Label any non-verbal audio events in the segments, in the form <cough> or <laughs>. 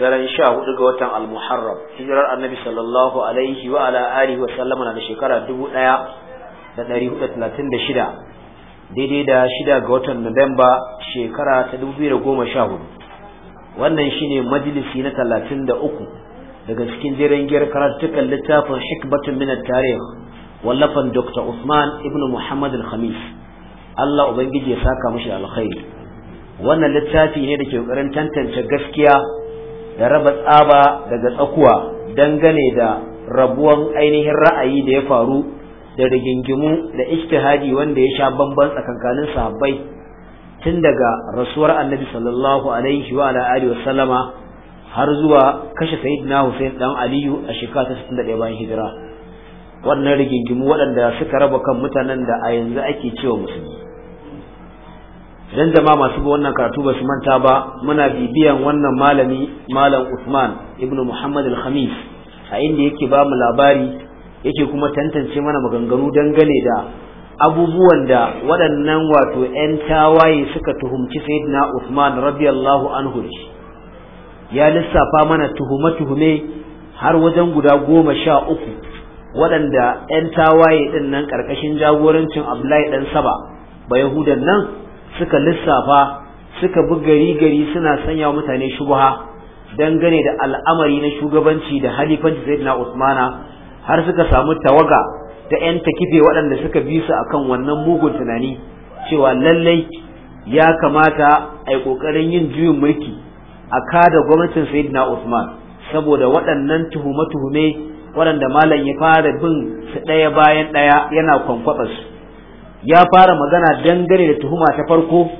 daren sha hudu ga watan al-muharram hijirar annabi sallallahu alaihi wa ala alihi wa sallama na shekara dubu daya da dari hudu talatin da shida daidai da shida ga watan nuwamba shekara ta dubu biyu da goma sha hudu wannan shine majalisi na talatin da uku daga cikin jiran giyar karatukan littafin hikbatun minar tarih wallafan dr usman ibn muhammad al-khamis allah ubangiji ya saka mashi alkhairi wannan littafi ne da ke kokarin tantance gaskiya da raba tsaba daga tsakuwa dangane da rabuwan ainihin ra'ayi da ya faru da rigingimu da ishtihadi wanda ya sha bamban tsakankanin sahabbai tun daga rasuwar annabi sallallahu alaihi wa ala alihi sallama har zuwa kashe sayyidina Hussein dan Aliyu a shekara ta 61 bayan hijira wannan rigingimu waɗanda suka raba kan mutanen da a yanzu ake cewa musulmi Dan jama'a masu bi wannan karatu ba su manta ba muna bibiyan wannan malami malam Usman ibnu Muhammad al-Khamis a inda yake ba mu labari yake kuma tantance mana maganganu dangane da abubuwan da waɗannan wato 'yan tawaye suka tuhumci sayyidina Usman radiyallahu anhu ya lissafa mana tuhume-tuhume har wajen guda goma sha uku waɗanda 'yan tawaye ɗin nan ƙarƙashin jagorancin Abdullahi ɗan Saba ba nan suka lissafa suka bi gari gari suna sanya mutane shubha dangane da al'amari na shugabanci da halifanci sayyidina Usmana har suka samu tawaga ta yan takife waɗanda suka bi su akan wannan mugun tunani cewa lallai ya kamata a yi ƙoƙarin yin juyin mulki a kada gwamnatin sayyidina Usman saboda waɗannan tuhume-tuhume waɗanda malam ya fara bin su ɗaya bayan ɗaya yana kwankwaɓa su ya fara magana dangane da tuhuma ta farko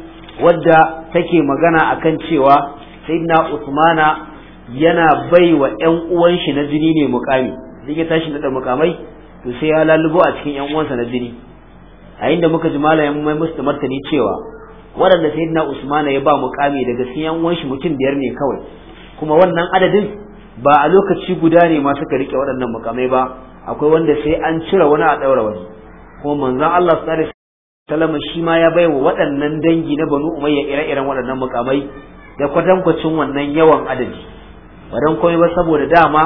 wadda take magana akan cewa sayyidina usmana yana bai wa ƴan uwan shi na jini ne mukami duk ya tashi da mukamai to sai ya lalubo a cikin ƴan uwansa na jini a inda muka ji malamin mai musu martani cewa waɗanda sayyidina usmana ya ba mukami daga cikin ƴan uwan shi mutum biyar ne kawai kuma wannan adadin ba a lokaci guda ne ma suka rike waɗannan mukamai ba akwai wanda sai an cire wani a ɗaura wani ko manzon Allah sallallahu alaihi shi ma ya baiwa waɗannan dangi na Banu Umayya ire-iren waɗannan mukamai da kwatankwacin wannan yawan adadi wadan dan komai ba saboda dama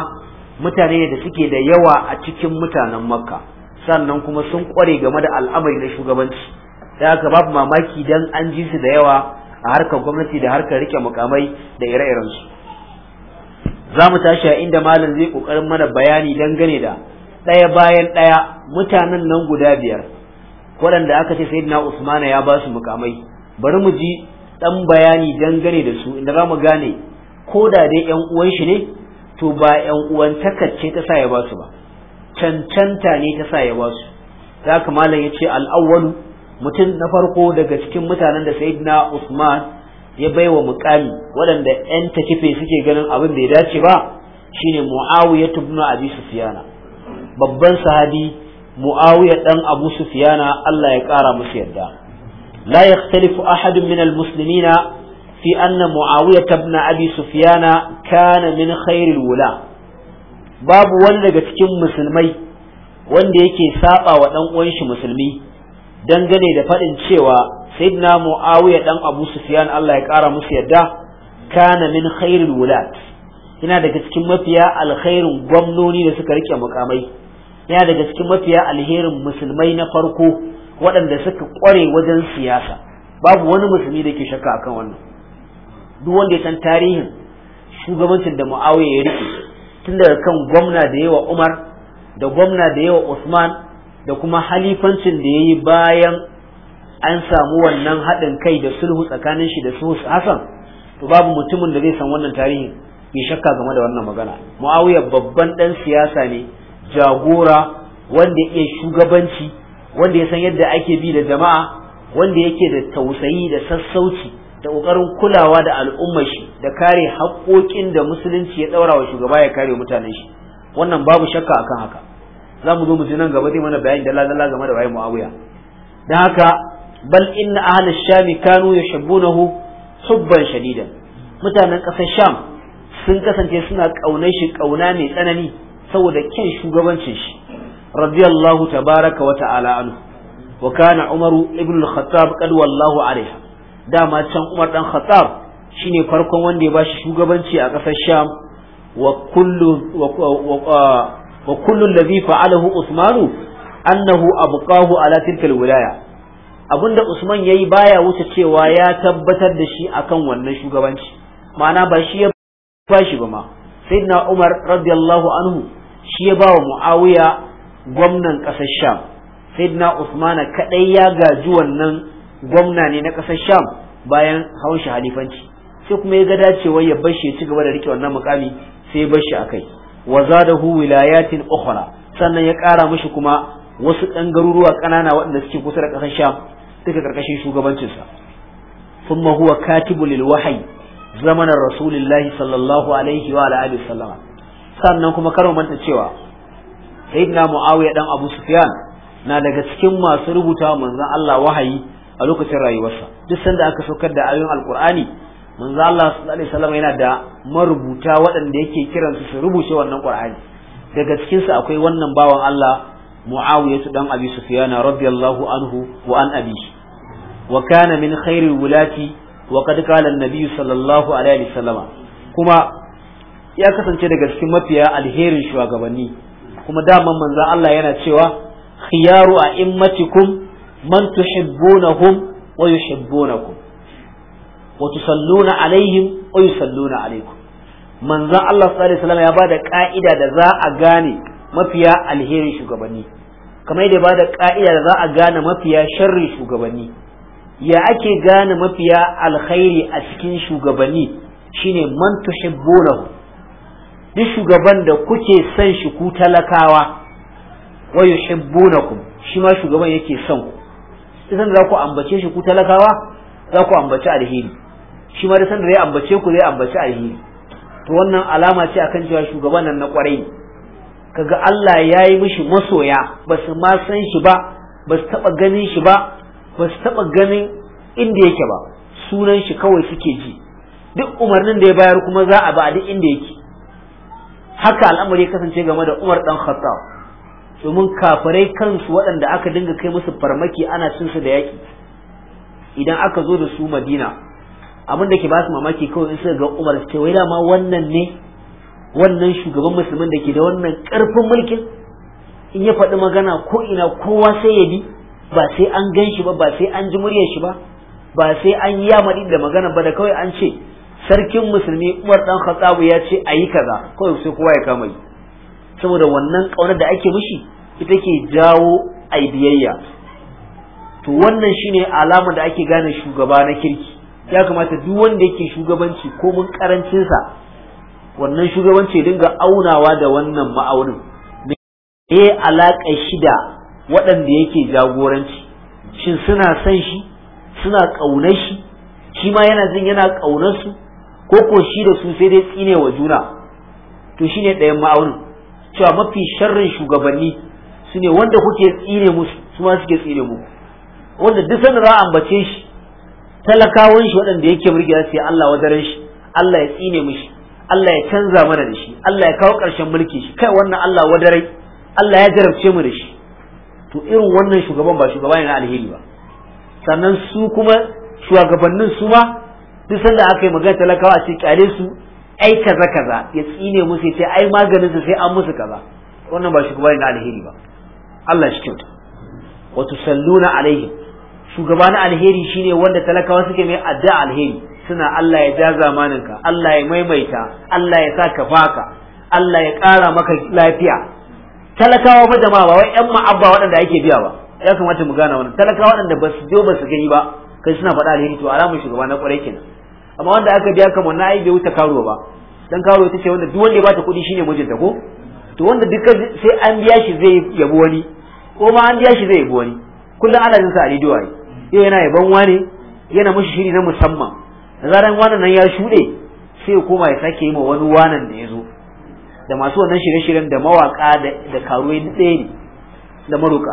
mutane da suke da yawa a cikin mutanen Makka sannan kuma sun kware game da al'amari na shugabanci da aka babu mamaki dan an ji su da yawa a harkar gwamnati da harkar rike mukamai da ire-irensu za mu tashi a inda malam zai kokarin mana bayani dangane da ɗaya bayan ɗaya mutanen nan guda biyar waɗanda aka ce sayyidina usmana ya ba su mukamai bari mu ji ɗan bayani dangane da su inda za mu gane ko da dai yan uwan shi ne to ba yan uwan ce ta sa ya ba su ba cancanta ne ta sa ya ba su za ka malam ya ce al'awwalu mutum na farko daga cikin mutanen da sayyidina usman ya baiwa mukami waɗanda ta kife suke ganin abin bai dace ba shine muawiya ibn abi sufyana babban sahabi muawiya dan abu sufyana Allah ya kara musu yadda la yaxtalifu ahadun min almuslimina fi anna muawiya ibn abi Sufiyana kana min khairil wula babu wani daga cikin musulmai wanda yake saba wa dan uwan shi musulmi dangane da faɗin cewa sayyidina muawiya dan abu sufyan Allah ya kara musu yadda kana min khairil wulat yana daga cikin mafiya alkhairin gwamnoni da suka rike mukamai yana daga cikin mafiya alherin musulmai na farko waɗanda suka ƙware wajen siyasa babu wani musulmi da ke shakka akan wannan duk wanda ya san tarihin shugabancin da mu'awiya ya riƙe tun daga kan gwamna da yawa umar da gwamna da yawa usman da kuma halifancin da ya yi bayan an samu wannan haɗin kai da sulhu tsakanin shi da sulhu hassan to babu mutumin da zai san wannan tarihin bai shakka game da wannan magana mu'awiya babban ɗan siyasa ne jagora wanda ya iya shugabanci wanda ya san yadda ake bi da jama'a wanda yake da tausayi da sassauci da ƙoƙarin kulawa da al'umma shi da kare haƙƙoƙin da musulunci ya ɗaura wa shugaba ya kare mutanen shi wannan babu shakka akan haka za mu zo mu ji nan gaba zai mana bayani da dalla game da waye muawiya dan haka bal inna ahli sham kanu yuhibbunahu hubban shadidan mutanen ƙasar sham sun kasance suna ƙaunar shi ƙauna mai tsanani saboda kyan shugabancin shi radiyallahu tabaraka wa ta'ala anhu wa kana umaru ibn al-khattab qad wallahu dama can umar dan khattab shine farkon wanda ya bashi shugabanci a kasar sham wa kullu uh, wa kullu alladhi fa'alahu usmanu annahu abqahu ala tilka al-wilaya Abunda usman yayi baya wuce cewa ya tabbatar da shi akan wannan shugabanci ma'ana ba shi ya bashi ba ma sayyidina umar radiyallahu anhu shi ya ba wa muawiya gwamnan ƙasar sham sayyidina usmana kaɗai ya gaji wannan gwamna ne na ƙasar sham bayan hawan shi halifanci sai kuma ya ga dacewa ya bar shi ya ci gaba da rike wannan mukami sai ya bar shi akai wa zadahu wilayatin ukhra sannan ya ƙara mishi kuma wasu ɗan garuruwa ƙanana waɗanda suke kusa da ƙasar sham duka ƙarƙashin shugabancinsa sun huwa katibu lil wahayi zamanin sallallahu alaihi wa alihi sannan kuma karo manta cewa sayyidina muawiya dan abu sufyan na daga cikin masu rubuta manzon Allah wahayi a lokacin rayuwarsa duk sanda aka saukar da ayoyin alqur'ani manzon Allah sallallahu alaihi wasallam yana da marubuta waɗanda yake kiransu su rubuce wannan qur'ani daga cikin su akwai wannan bawan Allah muawiya dan abi sufyan radiyallahu anhu wa an abi wa kana min khairil wulati wa qad qala an sallallahu alaihi wasallam kuma ya kasance daga cikin mafiya alherin shugabanni kuma daman manzo Allah yana cewa khiyaru immatikum man tuhibbunahum wa yuhibbunakum wa tusalluna alaihim wa yusalluna alaikum manzo Allah sallallahu alaihi wasallam ya bada ka'ida da za a gane mafiya alherin shugabanni kamar yadda bada ka'ida da za a gane mafiya sharri shugabanni ya ake gane mafiya alkhairi a cikin shugabanni shine man tuhibbunahum duk shugaban da kuke son shi ku talakawa wa yuhibbunakum shi ma shugaban yake son ku idan za ku ambace shi ku talakawa za ku ambaci alheri shi ma da san da ya ambace ku zai ambaci alheri to wannan alama ce akan cewa shugaban nan na kwarai kaga Allah ya yi mishi masoya ba su ma san shi ba ba su taba ganin shi ba ba su taba ganin inda yake ba sunan shi kawai suke ji duk umarnin da ya bayar kuma za a ba a duk inda yake haka al'amari ya kasance game da Umar dan Khattab domin kafirai kansu waɗanda aka dinga kai musu farmaki ana cin su da yaki idan aka zo da su Madina abin da ke ba su mamaki kawai in suka ga Umar su ce wai dama wannan ne wannan shugaban musulmin da ke da wannan karfin mulkin in ya faɗi magana ko ina kowa sai ya bi ba sai an gan shi ba ba sai an ji muryar shi ba ba sai an yi amadi da magana ba da kawai an ce sarkin musulmi umar dan khattabu ya ce ayi kaza kawai sai kowa ya kama saboda wannan kaunar da ake mishi ita ke jawo ai biyayya to wannan shine alama da ake gane shugaba na kirki ya kamata duk wanda yake shugabanci ko mun karancin sa wannan shugabanci ya dinga aunawa da wannan ma'aunin me alaƙa shida waɗanda yake jagoranci shin suna son shi suna ƙaunar shi shi ma yana jin yana ƙaunar su ko ko shi da su sai dai tsine wa juna to shine ɗayan ma'aunin cewa mafi sharrin shugabanni su ne wanda kuke tsine musu su ma suke tsine muku. wanda duk sanin za bace ambace shi talakawan shi waɗanda yake murgiya sai Allah wadaran shi Allah ya tsine mishi Allah ya canza mana da shi Allah ya kawo ƙarshen mulki shi kai wannan Allah wadarai Allah ya jarabce mu da shi to irin wannan shugaban ba shugaba ne na alheri ba sannan su kuma shugabannin su ma duk sanda aka yi magana talakawa a ce kyale su ai kaza kaza ya tsine musu ya ce ai maganin sai an musu kaza wannan ba shugaba ne na alheri ba Allah shi kyauta wa tusalluna alaihi shugaba na alheri shine wanda talakawa suke mai addu'a alheri suna Allah ya ja ka, Allah ya maimaita Allah ya sa ka faka Allah ya kara maka lafiya talakawa ba jama'a ba wai ƴan ma'abba waɗanda ake biya ba ya kamata mu gana wannan talakawa waɗanda ba su je ba su gani ba kai suna faɗa alheri to alamun shugaba na ƙwarai kenan amma wanda aka biya kamar na ai bai wuce ba dan karuwa ita ce wanda duk wanda ya bata kuɗi shine ta ko to wanda duka sai an biya shi zai yabi wani ko ma an biya shi zai yabi wani kullum ana jin sa a rediyo ai yau yana yaban wani yana mishi shiri na musamman da zaran wani nan ya shuɗe sai ya koma ya sake yi ma wani wanan da ya zo da masu wannan shirye-shiryen da mawaka da karuwa ɗaya ne da maruka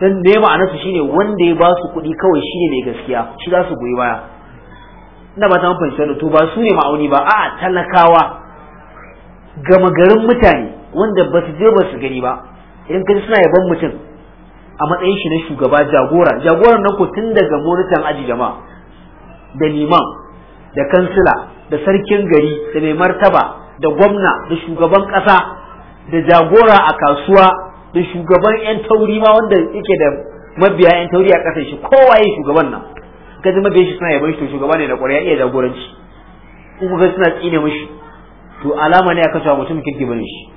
dan ne ma'anarsu shine wanda ya ba su kuɗi kawai shine mai gaskiya shi za su goyi baya ina ba ta mun fahimci to ba su ne ma'auni ba a'a talakawa gama garin mutane wanda ba su je ba su gani ba idan ji suna yaban mutum a matsayin shi na shugaba jagora jagoran nan ko tun daga monitan aji jama'a da liman da kansila da sarkin gari da mai martaba da gwamna da shugaban ƙasa da jagora a kasuwa da shugaban 'yan tauri ma wanda yake da mabiya 'yan tauri a ƙasar shi kowa ya shugaban nan ka ji mabiyan shi suna yaban shi to shugaba ne da ƙwarya ya iya jagoranci in kuka suna tsine mishi to alama ne aka cewa mutum kirki bane shi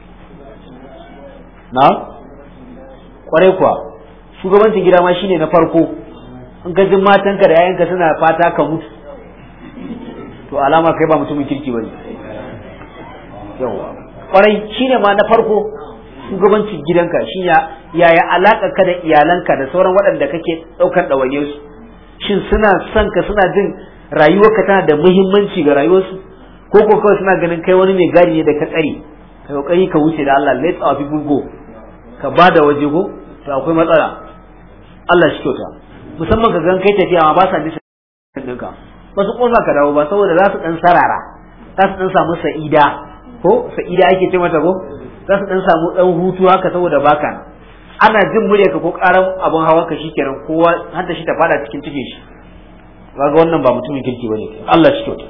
na ƙwarai kuwa shugabancin gida ma shine na farko in ka matan matanka da 'ya'yanka suna fata ka mutu to alama kai ba mutumin kirki bane yawa ƙwarai shine ma na farko shugabancin gidanka shi yaya alaƙa ka da iyalanka da sauran waɗanda kake ɗaukar ɗawainiyarsu shin suna son ka suna jin rayuwarka tana da muhimmanci ga rayuwarsu ko ko kawai suna ganin kai wani mai gari ne da ka tsare ka kokari ka wuce da Allah let our people go ka ba da waje go to akwai matsala Allah shi kyauta musamman ka gan kai tafiya ma ba sa jin ɗinka ba su ƙosa ka dawo ba saboda za su ɗan sarara za su ɗan samu sa'ida ko sa'ida ake ce mata ko za su ɗan samu ɗan hutu haka saboda baka na ana jin muryarka ko karan abun ka shikenan kowa har da shi ta fada cikin cikin shi kaga wannan ba mutumin kirki bane Allah shi kyauta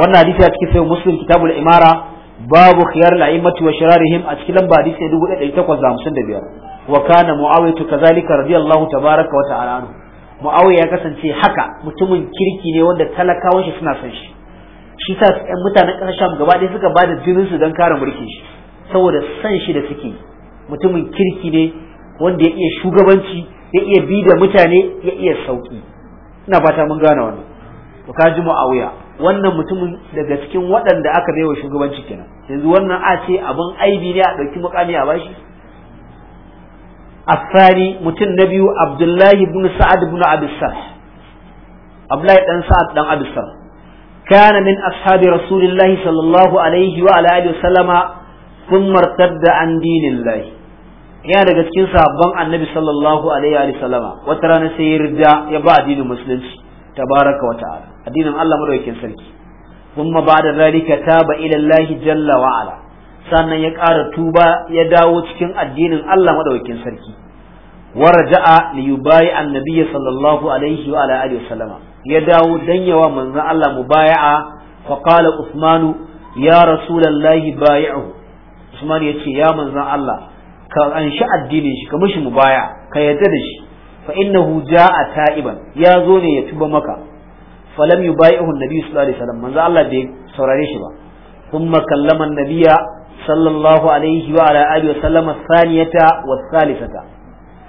wannan hadisi a cikin sahih muslim kitabul imara babu khiyar al wa shirarihim a cikin lamba hadisi 1855 wa kana muawiyah kazalika radiyallahu tabaraka wa ta'ala anhu muawiyah ya kasance haka mutumin kirki ne wanda talakawan shi suna san shi shi sa mutanen ƙasar sham gaba ɗaya suka bada da su don kare mulkin shi saboda san shi da suke mutumin kirki ne wanda ya iya shugabanci ya iya bi da mutane ya iya sauki ina fata mun gane wannan to ka ji muawiya wannan mutumin daga cikin waɗanda aka baiwa shugabanci kenan yanzu wannan a ce abin aibi ne a ɗauki mukami a bashi الثاني mutum na biyu Abdullahi بن Sa'ad بن عبد Abdullahi dan Sa'ad dan سعد بن عبد السلام كان من أصحاب رسول الله صلى الله عليه وعلى آله وسلم ثم ارتد عن دين الله yana daga cikin sabon annabi sallallahu alaihi wa sallama wata rana sai ya rida ya ba addinin musulunci tabaraka wa ta'ala addinin Allah madaukakin sarki kuma da zalika taba ila Allah jalla wa ala sannan ya ƙara tuba ya dawo cikin addinin Allah madaukakin sarki waraja'a li yubayi annabi sallallahu alaihi wa ala alihi sallama ya dawo dan yawa manzon Allah mubaya'a fa qala usmanu ya rasulullahi bai'u usman yace ya manzon Allah ka anshi addinin shi ka mishi mubaya ka yarda da shi fa innahu jaa ta'iban ya zo ne ya tuba maka Fa falam yubai'uhu nabi sallallahu alaihi wasallam manzo Allah bai saurare shi ba thumma kallama nabiya sallallahu alaihi wa ala alihi wa sallam thaniyata wa thalithata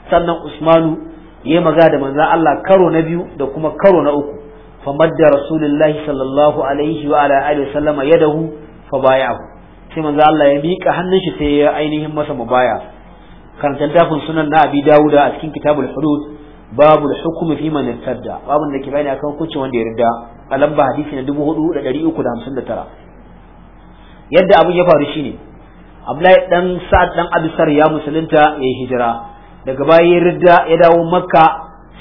sannan usmanu ya maga da manzo Allah karo na biyu da kuma karo na uku Fa madda rasulullahi sallallahu alaihi wa ala alihi wa sallam yadahu fa baya'ahu sai manzo Allah ya miƙa hannun shi sai ya ainihin masa mubaya karanta dafin sunan na abi dawuda a cikin kitabul hudud babu hukumi fi man babu da ke bayani akan kuce wanda ya ridda a lamba hadisi na 4359 yadda abin ya faru shine Abdullahi dan Sa'ad dan Abisar ya musulunta ya yi hijira daga baya ya ridda ya dawo Makka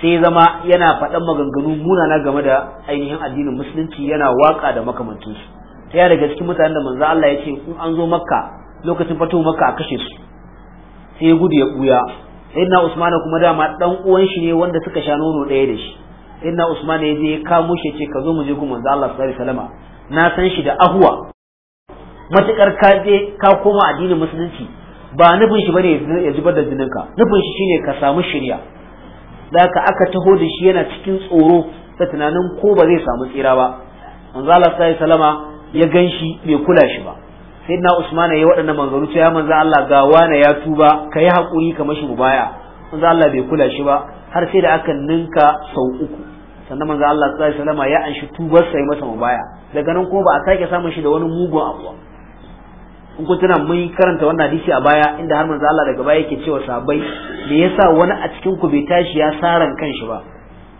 sai zama yana faɗan maganganu munana game da ainihin addinin musulunci yana waka da makamantansu ta daga cikin mutanen da manzo Allah ya ce in an zo Makka lokacin fito Makka a kashe su sai gudu ya buya inna usmana kuma dama dan uwan shi ne wanda suka sha nono ɗaya da shi inna usmana ya je ya kamo shi ce ka zo mu je ku manzo Allah sallallahu alaihi wasallama na san shi da ahuwa matukar ka je ka koma addinin musulunci ba nufin shi bane ya zubar da jinin ka nufin shi shine ka samu shirya da aka taho da shi yana cikin tsoro da tunanin ko ba zai samu tsira ba manzo Allah sallallahu alaihi wasallama ya ganshi shi bai kula shi ba sayyidina usman yayi waɗannan manzaru cewa manzo Allah ga wani ya tuba kai hakuri ka mashi baya. manzo Allah bai kula shi ba har sai da aka ninka sau uku sannan manzo Allah sallallahu alaihi wasallam ya anshi tubar sai masa mubaya daga nan kuma ba a sake samun shi da wani mugun abu in ku tuna mun karanta wannan hadisi a baya inda har manzo Allah daga baya yake cewa sabai me yasa wani a cikin ku bai tashi ya saran kanshi ba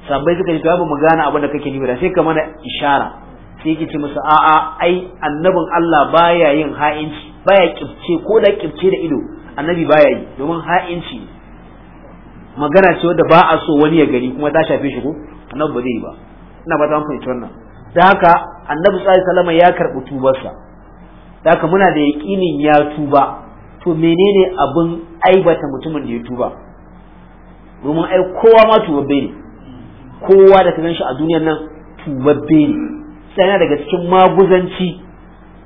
sabai suka yi babu mu gane abin da kake nufi da sai ka mana ishara sai yake ce musu a'a ai annabin Allah baya yin ha'inci baya kibce ko da kibce da ido annabi baya yi domin ha'inci magana ce wanda ba a so wani ya gani kuma ta shafe shi ko annabi ba zai yi ba ina ba ta fahimci wannan da haka annabi sallallahu alaihi ya karɓi tubarsa da haka muna da yaƙinin ya tuba to menene abin aibata mutumin da ya tuba domin ai kowa ma tubabbe ne kowa da ka ganshi a duniyar nan tubabbe ne yana daga cikin maguzanci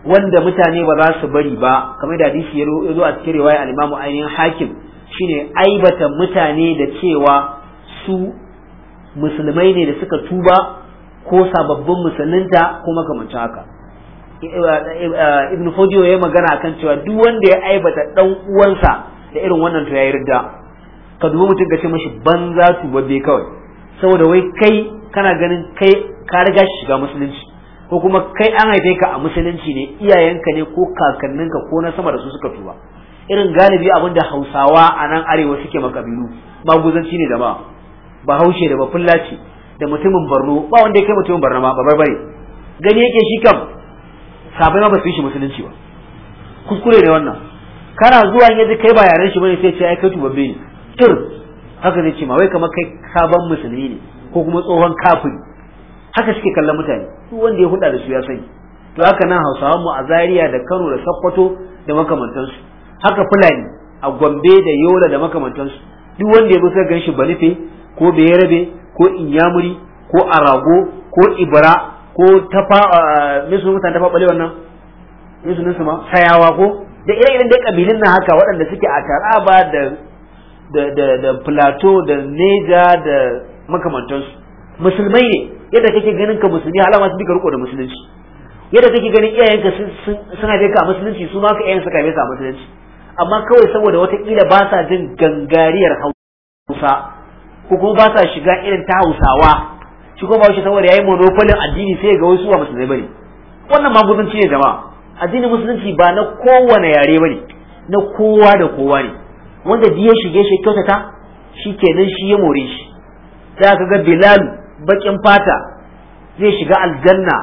wanda mutane ba za su bari ba kamar da hadisi ya zo a cikin riwaya al imamu ainihin Hakim shine aibata mutane da cewa su musulmai ne da suka tuba ko sababbin musulunta ko makamancin haka ibn Fodiyo ya magana kan cewa duk wanda ya aibata dan uwansa da irin wannan to yayi ridda ka dubi mutum ka ce mashi banza tubabbe kawai saboda wai kai kana ganin kai ka riga shiga musulunci ko kuma kai an haife ka a musulunci ne iyayenka ne ko kakanninka ko na sama da su suka tuba irin galibi abin da hausawa a nan arewa suke makabilu maguzanci ne da ba ba haushe da ba fullaci da mutumin barno ba wanda ya kai mutumin barno ba babar bare gani yake shi kam sabai ma ba su yi shi musulunci ba kuskure ne wannan kana zuwa in yaji kai ba yaren shi bane sai ce ai kai tubabbe ne tur haka zai ce ma wai kamar kai sabon musulmi ne ko kuma tsohon kafin. haka suke kallon mutane su wanda ya huda da su ya sani to haka nan hausawan mu a Zariya da kano da sokoto da makamantansu haka fulani a gombe da yola da makamantansu duk wanda ya musa ganshi balife ko bayarabe ko inyamuri ko arago ko ibra ko tafa misu mutane tafa bale nan misu nan ma sayawa ko da ire-iren dai kabilin na haka waɗanda suke a taraba da da da plateau da neja da makamantansu musulmai ne yadda kake ganin ka musulmi hala masu bi ka riko da musulunci yadda kake ganin iyayenka sun haife ka musulunci su ma ka iyayen suka ka a musulunci amma kawai saboda wataƙila ba sa jin gangariyar hausa ko kuma ba sa shiga irin ta hausawa shi kuma ba shi saboda yayi monopolin addini sai ga wasu ba musulmai bane wannan ma maguzanci ne jama'a addinin musulunci ba na kowane yare bane na kowa da kowa ne wanda biye shige shi kyautata shi kenan shi ya more shi za ka ga Bilalu. Bakin fata zai shiga aljanna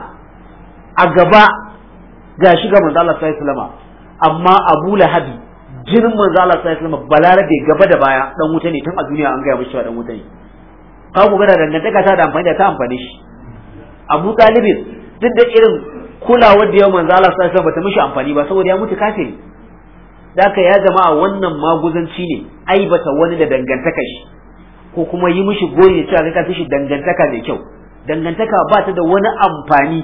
a gaba ga shiga manzo Allah sallallahu amma Abu Lahabi jinin manzo Allah sallallahu alaihi wasallam balarabe gaba da baya dan wuta ne tun a duniya an gaya mishi dan wuta ne ka ku gada dangantaka ta da amfani da ta amfani shi Abu Talib duk da irin kulawar da ya manzo Allah sallallahu bata mishi amfani ba saboda ya mutu kafiri da ya jama'a wannan maguzanci ne aibata wani da dangantaka shi ko kuma yi mishi goyi da cewa ka fi shi dangantaka mai kyau dangantaka ba ta da wani amfani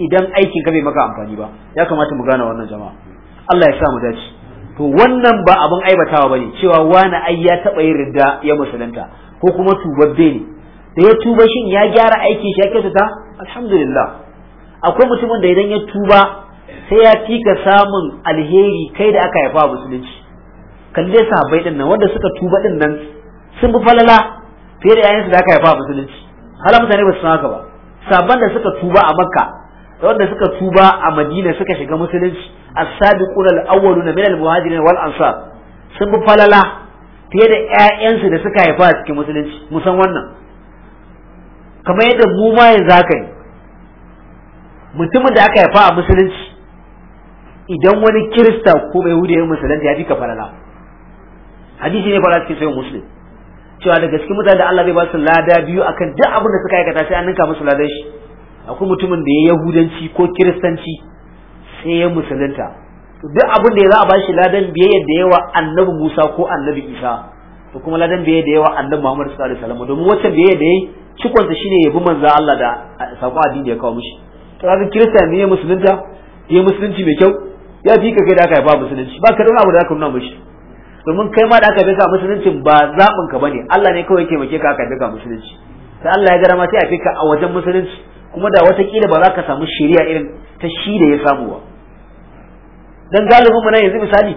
idan aikin ka bai maka amfani ba ya kamata mu gane wannan jama'a Allah ya sa mu dace to wannan ba abin aibatawa bane cewa wani ai ya taba yin ridda ya musulunta ko kuma tubabbe ne da ya tuba shin ya gyara aikin shi ya kyautata alhamdulillah akwai mutumin da idan ya tuba sai ya fika samun alheri kai da aka haifa musulunci kalle sahabbai din nan wanda suka tuba din sun fi falala fiye da yayansu da aka haifa a musulunci hala mutane ba su san haka ba Sabon da suka tuba a makka da wanda suka tuba a madina suka shiga musulunci as-sabiquna al-awwaluna min al-muhajirin wal ansar sun fi falala fiye da yayansu da suka haifa a cikin musulunci musan wannan kamar yadda mu ma yanzu haka ne mutumin da aka haifa a musulunci idan wani kirista ko bai ya yin musulunci ya fi ka falala hadisi ne fara cikin sayin musulunci. cewa daga cikin mutane da Allah zai ba su lada biyu akan duk abin da suka aikata sai an ninka musu ladan shi akwai mutumin da ya yahudanci ko kiristanci sai ya musulunta duk abin da ya za a ba shi ladan biyayya da yawa annabi Musa ko annabi Isa To kuma ladan biyayya da yawa annabi Muhammad sallallahu alaihi wasallam domin wacce biyayya da yayi cikon shine yabi manzo Allah da sako addini ya kawo mishi to kaga kiristan ne ya musulunta ya musulunci mai kyau ya fi ka kai da aka ba musulunci ba ka da abu da aka nuna mishi domin kai ma da aka fika musuluncin ba zaɓin ka bane Allah ne kawai yake mace ka aka fika musulunci sai Allah ya gara ma sai a fika a wajen musulunci kuma da watakila ba za ka samu shari'a irin ta shi da ya samu ba dan galibin mu na yanzu misali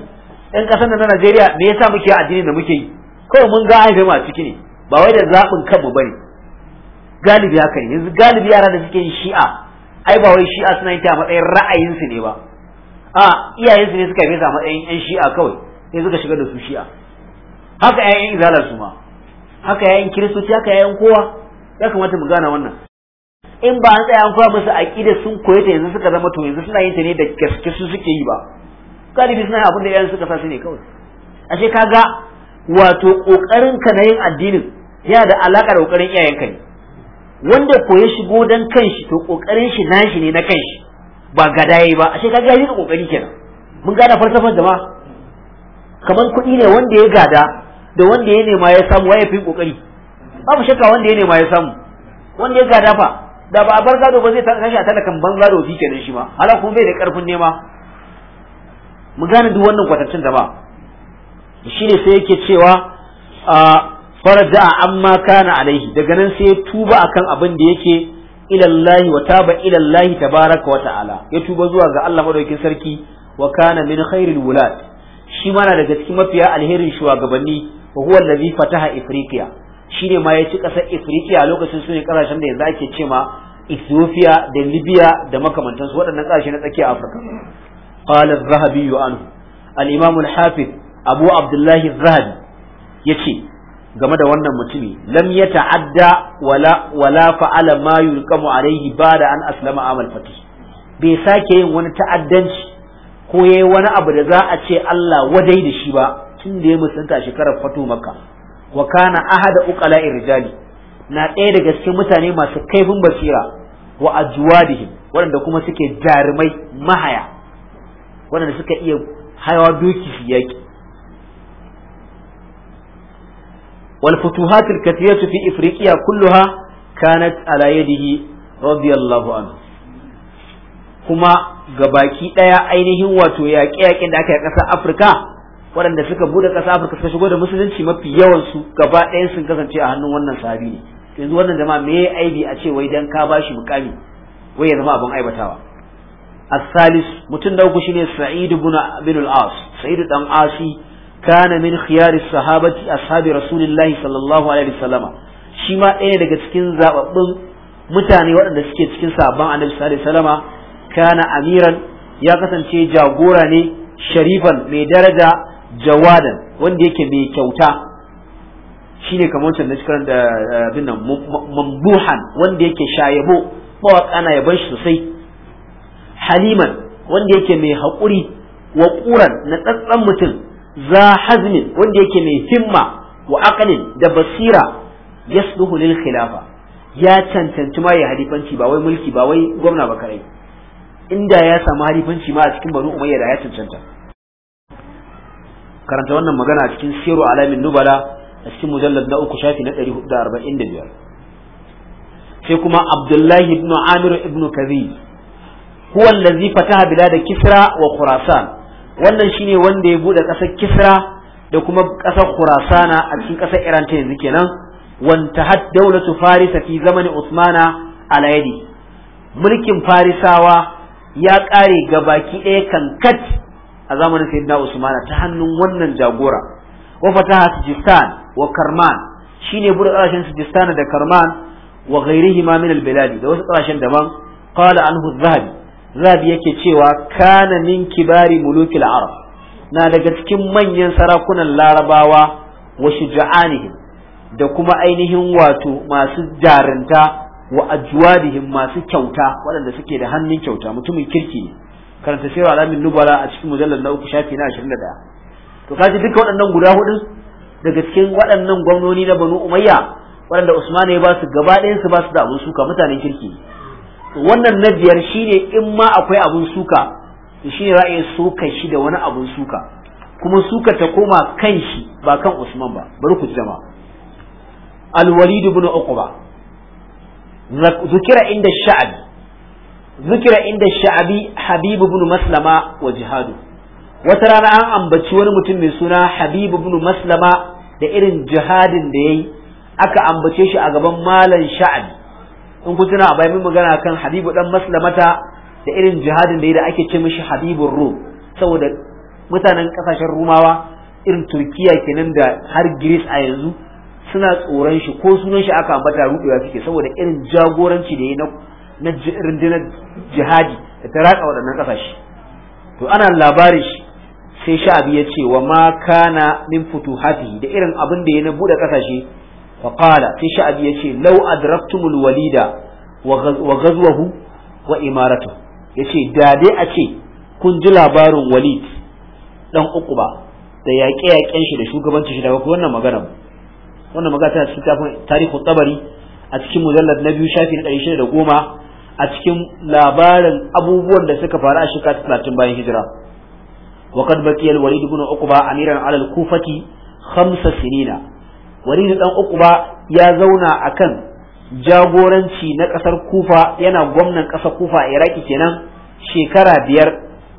ɗan ƙasar na Najeriya me yasa muke addini da muke yi kawai mun ga haife mu ciki ne ba wai da zaɓin kanmu bane galibi haka ne yanzu galibi yara da suke yin shi'a ai ba wai shi'a suna yin ta matsayin ra'ayinsu ne ba a iyayensu ne suka yi a matsayin yan shi'a kawai sai suka shiga da su shi'a haka yayan izalar su ma haka yayan kiristoci haka yayan kowa ya kamata mu gana wannan in ba an tsaya an koya musu aqida sun koye ta yanzu suka zama to yanzu suna yin ta ne da gaske su suke yi ba galibi suna abin da yayan suka sa ne kawai ashe ga wato kokarin ka na yin addinin yana da alaka da kokarin iyayenka ne wanda koya shi shigo dan kanshi to kokarin shi nashi ne na kanshi ba gadaye ba ashe ga yayi kokari kenan mun gane falsafar jama'a kamar kuɗi ne wanda ya gada da wanda ya nema ya samu waye fi kokari babu shakka wanda ya nema ya samu wanda ya gada fa da ba a bar gado ba zai kashi a talakan ban gado bi kenan shi ma hala kuma bai da karfin nema mu gane duk wannan kwatancin da ba shine sai yake cewa faraja amma kana alaihi daga nan sai ya tuba akan abin da yake ilallahi wa taba ilallahi tabaraka wa ta'ala ya tuba zuwa ga Allah madaukakin sarki wa kana min khairil wulad shi mana daga cikin mafiya alherin shugabanni wa huwa allazi fataha ifriqiya shine ma ya ci kasar a lokacin su ne kasashen da yanzu ake ce ma ethiopia da libya da makamantansu waɗannan kasashe na tsakiyar afirka qala az-zahabi anhu al-imam al-hafiz abu abdullah az-zahabi yace game da wannan mutumi lam yata'adda wala wala fa'ala ma yulqamu alayhi ba'da an aslama amal fatih bai sake yin wani ta'addanci ko yayi wani abu da za a ce Allah wadai da shi ba tun da ya a shekarar fato makka wa kana ahada uqala irjali na ɗaya daga cikin mutane masu kaifin basira wa ajwadihim waɗanda kuma suke jarumai mahaya waɗanda suka iya hayawa doki su yaki wal futuhatil kathiratu fi afriqiya kulluha kanat ala yadihi radiyallahu anhu kuma ga baki ɗaya ainihin wato yaƙe-yaƙen da aka yi ƙasar Afirka waɗanda suka buɗe ƙasar Afirka suka shigo da musulunci mafi yawan su gaba ɗaya sun kasance a hannun wannan sahabi ne yanzu wannan jama'a me ya aibi a ce wai dan ka ba shi mukami wai ya zama abin aibatawa الثالث متن دوكو شيني سعيد بن بن العاص سعيد بن عاصي كان من خيار الصحابة sahabati ashabi الله sallallahu alaihi عليه shi ma ɗaya daga cikin zababbun mutane waɗanda suke cikin sabon annabi sallallahu alaihi wasallama kana amiran ya kasance jagora ne sharifan mai daraja jawadan wanda yake mai kyauta shine kamar wancan na cikin da eh, abin mambuhan wanda yake shayabo mawaka na yaban shi sosai haliman wanda yake mai haƙuri wa ƙuran na tsatsan mutum za hazmin wanda yake mai himma wa aqlin da basira yasluhu lil khilafa ya cancanci ma ya halifanci ba wai mulki ba wai gwamna ba karai inda ya samu halifanci ma a cikin banu umayya da ya cancanta karanta wannan magana a cikin siru alamin nubala a cikin mujallad na uku shafi na 445 sai kuma abdullahi ibn amir ibn kazi huwa allazi fataha da kisra wa khurasan wannan shine wanda ya bude kasar kisra da kuma kasar khurasana a cikin kasar iran ta yanzu kenan wantahat daulatu farisa fi zamani usmana ala yadi mulkin farisawa ya ga gabaki ɗaya kankat a zamanin sayyidina usmana ta hannun wannan jagora wa fataha sijistan wa karman shine buɗe ƙasashen sijistan da karman wa ghairihima min al-bilad da wasu ƙasashen daban qala anhu zahabi zahabi yake cewa kana min kibari mulukil arab na daga cikin manyan sarakunan larabawa wa shuja'anihim da kuma ainihin wato masu jarinta wa ajwadihim masu kyauta waɗanda suke da hannun kyauta mutumin kirki ne karanta sirra alamin nubala a cikin mujallar na uku shafi na ashirin da ɗaya to kaji duka waɗannan guda hudu daga cikin waɗannan gwamnoni na banu umayya waɗanda usman ya ba su gaba su ba su da abun suka mutanen kirki wannan na biyar shine in ma akwai abun suka to shine ra'ayin suka shi da wani abun suka kuma suka ta koma kan shi ba kan usman ba bari ku jama al-walid ibn uqba zukira inda sha'abi zukira inda sha'abi habibu ibn maslama wa jihadu wata rana an ambaci wani mutum mai suna habibu ibn maslama da irin jihadin da yayi aka ambace shi a gaban malan sha'abi in ku tuna a bayan magana kan habibu dan maslamata da irin jihadin da yayi da ake ce mishi habibun Ro. saboda mutanen kasashen rumawa irin turkiya kenan da har giris a yanzu suna tsoron shi ko sunan shi aka ambata rubewa suke saboda irin jagoranci da ya na rundunar jihadi da ta raka waɗannan ƙasashe to ana labarin shi sai sha'abi ya ce wa ma kana min futuhatihi da irin abin da ya na buɗe ƙasashe fa qala sai sha'abi ya ce law adraktumul walida wa ghazwahu wa imaratu yace da dai a ce kun ji labarin walid dan uku ba da yaƙe-yaƙen shi da shugabancin shi daga wannan magana wannan magana tana cikin tafin tarihu tabari a cikin mujallad na biyu shafi na ɗari shida da goma a cikin labarin abubuwan da suka faru a shekara talatin bayan hijira وقد بقي الوليد بن عقبة أميرا على kufati خمس سنين ɗan Ukuba ya zauna a kan jagoranci na ƙasar kufa yana gwamnan ƙasar kufa a iraki kenan shekara biyar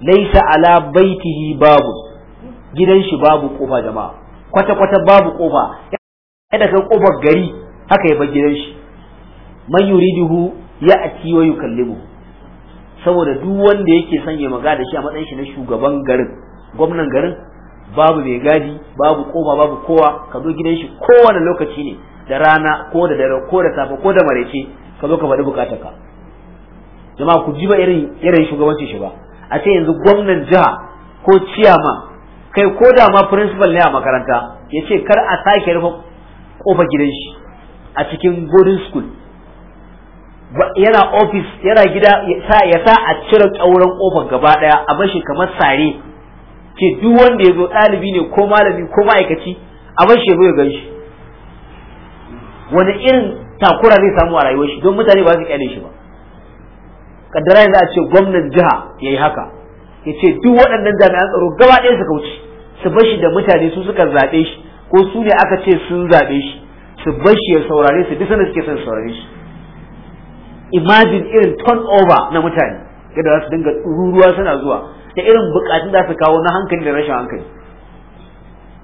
laisa ala baitihi babu gidan shi babu kofa jama'a kwata-kwata babu kofa kada ka kofar gari haka ya bar gidan shi man yuriduhu ya ati wa yukallimu saboda duk wanda yake son ya maga da shi a matsayin shi na shugaban garin gwamnan garin babu mai gadi babu kofa babu kowa ka zo gidan shi kowane lokaci ne da rana ko da dare ko da safe ko da marece ka zo ka faɗi bukatarka Jam'a ku ji ba irin irin shugabanci shi ba a ce yanzu gwamnan jiha ko ciyama kai ko da ma principal ne a makaranta ya ce kar a sake rufe kofa gidan shi a cikin golden school yana office yana gida ya sa a cire tsauran kofar gaba daya a bashi kamar sare ke duk wanda ya zo ɗalibi ne ko malami ko ma'aikaci a bashi ya zo ya gan shi wani irin takura zai samu a rayuwar shi don mutane ba su kyale shi ba kaddara yanzu a ce gwamnan jiha ya yi haka ya ce duk waɗannan jami'an tsaro gaba ɗaya su kauce su bashi da mutane su suka zaɓe shi ko su ne aka ce sun zaɓe shi su bar shi ya saurare su duk sanda suke son saurare shi imagine irin turn over na mutane yadda za su dinga ruruwa suna zuwa da irin bukatun da su kawo na hankali da rashin hankali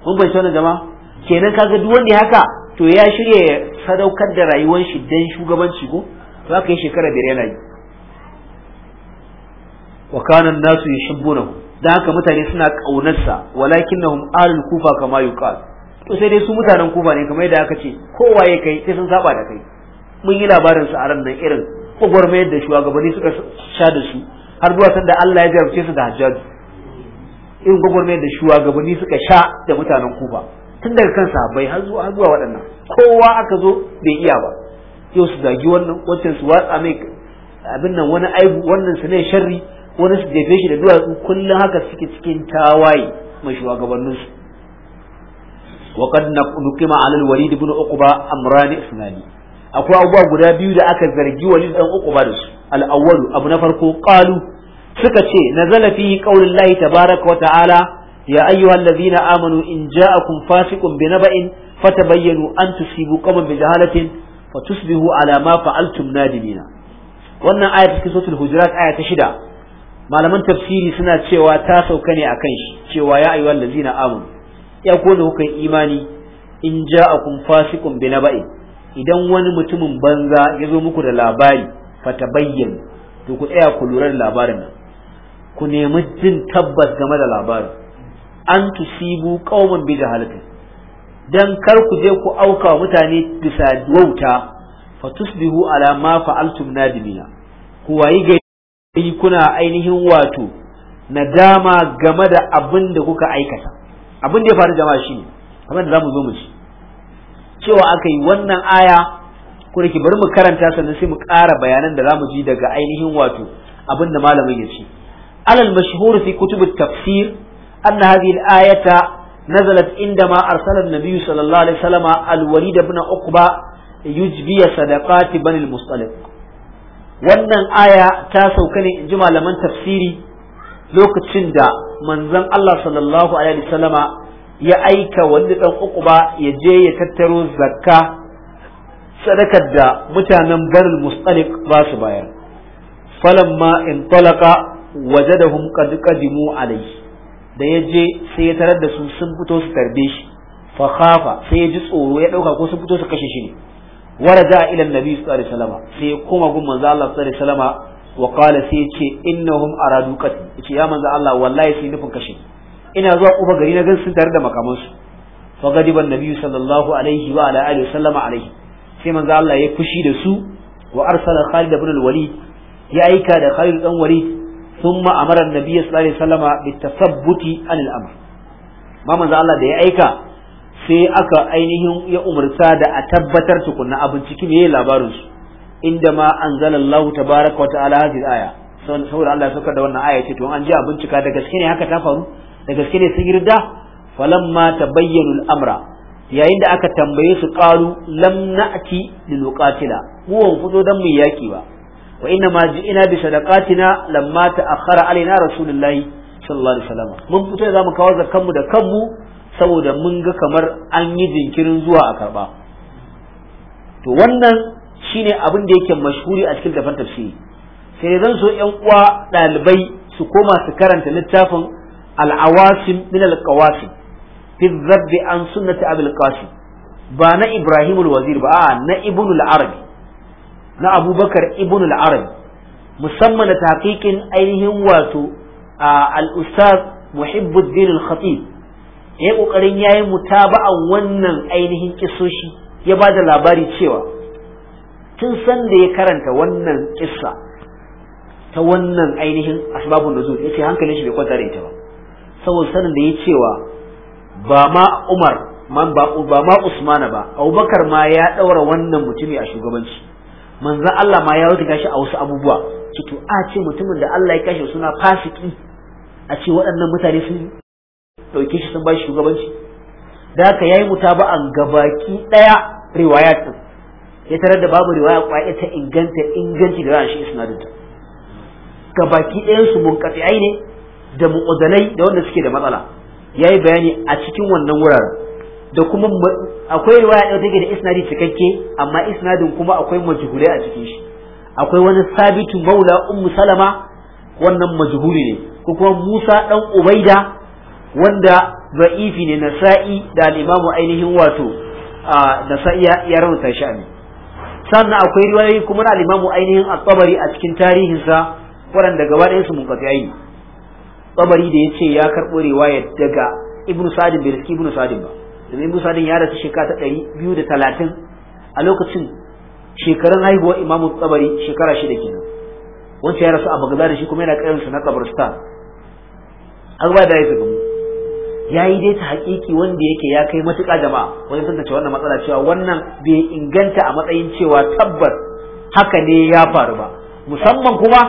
mun bai wannan jama'a kenan kaga duk wanda haka to ya shirya ya sadaukar da rayuwar shi dan shugabanci ko za ka yi shekara biyar yana yi wa kana nasu yushibbunahu dan haka mutane suna kaunarsa walakinnahum alul kufa kama yuqal to sai dai su mutanen kufa ne kamar yadda aka ce kowa ya kai sai sun saba da kai mun yi labarin su a ran nan irin gwagwarmayar da shugabanni suka sha da su har zuwa sanda Allah ya jarabce su da hajjaji irin gwagwarmayar da shugabanni suka sha da mutanen kufa tun daga kan sahabbai har zuwa zuwa waɗannan kowa aka zo bai iya ba yau su zagi wannan wancan su watsa mai abin nan wani aibu wannan su ne sharri wani su jefe shi da duwatsu kullum haka suke cikin tawaye mai shugabanninsu wa qad nuqima ala al-walid ibn uqba amran isnani akwai abubuwa guda biyu da aka zargi walid ɗan Ukuba da su al-awwal abu na farko qalu suka ce nazala fihi qaulullahi tabaaraka wa ta'ala ya ayyuhallazina amanu in ja a ja'akum fasiqun binaba'in fatabayyanu an tusibu qawman bijahalatin fatusbihu ala ma fa'altum nadimina wannan aya cikin suratul hujurat aya ta shida malaman tafsiri suna cewa ta sauka ne akan shi cewa ya ayyuhallazina amanu ya ko da kuka yi imani in ja a kun fasikun bi bai idan wani mutumin banza ya zo muku da labari bayyana to ku tsaya ku lura da labarin nan ku nemi jin tabbas game da labarin an tusibu kauman bi da halittu dan kar ku je ku auka mutane bisa wauta fa fatusbihu ala ma fa'altum nadimina ku wayi gari kuna ainihin wato nadama game da abin da kuka aikata abin da ya faru jama'a shine kamar da zamu zo mu ci cewa aka yi wannan aya ko da ke bari mu karanta sannan sai mu ƙara bayanan da zamu ji daga ainihin wato abin da malamin ya ce alal mashhur fi kutubut tafsir anna hadhihi al-ayata نزلت عندما أرسل النبي صلى الله عليه وسلم الوليد بن عقبة يجبي صدقات بني المصطلق wannan aya ta sauka ne in ji malaman tafsiri lokacin da manzon Allah sallallahu alaihi wasallama ya aika wani dan ba ya je ya tattaro zakka sadakar da mutanen banul mustalik ba su bayar falamma in talaka wajadahum qad qadimu alayhi da ya je sai ya tarar da su sun fito su tarbe shi fa khafa sai ya ji tsoro ya dauka ko sun fito su kashe shi ne waraja ila annabi sallallahu alaihi wasallama sai ya koma gun manzo Allah sallallahu alaihi wasallama wa qala sai yace innahum aradu qatl yace ya manzo Allah wallahi sai nufin kashe ina zuwa kuma gari na gan sun tare da makaman su fa gadiba annabi sallallahu alaihi wa ala sallama alaihi sai manzo Allah ya fushi da su wa arsala Khalid ibn al-Walid ya aika da Khalid dan Walid thumma amara annabi sallallahu alaihi wasallama da ya aika sai aka ainihin ya umarta da a tabbatar tukunna a bincike me labarin su inda ma anzalallahu tabaraka wa ta'ala hadhihi aya saboda Allah ya saukar da wannan aya ce to an ji a bincika da gaske ne haka ta faru da gaske ne sun yarda falamma tabayyana al-amra yayin da aka tambaye su qalu lam na'ti lil mu ban fito dan mu yaki ba wa inna ma ji'ina bi sadaqatina lamma ta'akhkhara alaina rasulullahi sallallahu alaihi wasallam mun fito zamu kawo zakkan mu da kanmu saboda mun ga kamar an yi jinkirin zuwa a karba to wannan shine abin da yake mashhuri a cikin dafan tafsiri sai zan so yan uwa ɗalibai su koma su karanta littafin al-awasim min al-qawasim fi dhabbi an sunnati abul qasim ba na ibrahim al-wazir ba a na ibn al-arabi na abubakar ibn al-arabi musamman da tahqiqin ainihin wato al-ustaz muhibbuddin al-khatib ya kokarin yayi mutaba'an wannan ainihin kisoshi ya ba da labari cewa tun san da ya karanta wannan kissa ta wannan ainihin asbabun zuwa yace hankalin shi bai kwanta da ita ba saboda sanin da ya cewa ba ma Umar ba ma Usmana ba Abubakar ma ya ɗaura wannan mutumi a shugabanci manzon Allah ma ya rubuta shi a wasu abubuwa ce to a ce mutumin da Allah ya kashe suna fasiki a ce waɗannan mutane sun dauke shi sun ba shi shugabanci da haka yayi mutaba'an gabaki daya riwayat ya tarar da babu riwaya kwaya ta inganta inganci da ra'ayin shi isnadin ta baki ɗayan su munqati'ai ne da mu'udalai da wanda suke da matsala yayi bayani a cikin wannan wuraren da kuma akwai riwaya ɗaya take da isnadi cikakke amma isnadin kuma akwai majhulai a cikin shi akwai wani sabitu maula ummu salama wannan majhuli ne ko kuma Musa dan Ubaida wanda ra'ifi ne Nasa'i da al-Imamu ainihin wato Nasa'i ya rawaita shi sannan akwai riwayoyi kuma na limamu ainihin at-tabari a cikin tarihinsa waɗanda gaba ɗayan su yi tabari da ya ce ya karɓo riwaya daga ibnu sadin bai riski ibnu Sadin ba da ibnu Sadin ya rasu shekara ta talatin a lokacin shekarun haihuwar imamu tabari shekara shida kenan wancan ya rasu a da shi kuma yana kayan su na kabristan an ba da ya ya yi dai ta hakiki wanda yake ya kai matuƙa jama'a wajen tantance wannan matsala cewa wannan bai inganta a matsayin cewa tabbas haka ne ya faru ba musamman kuma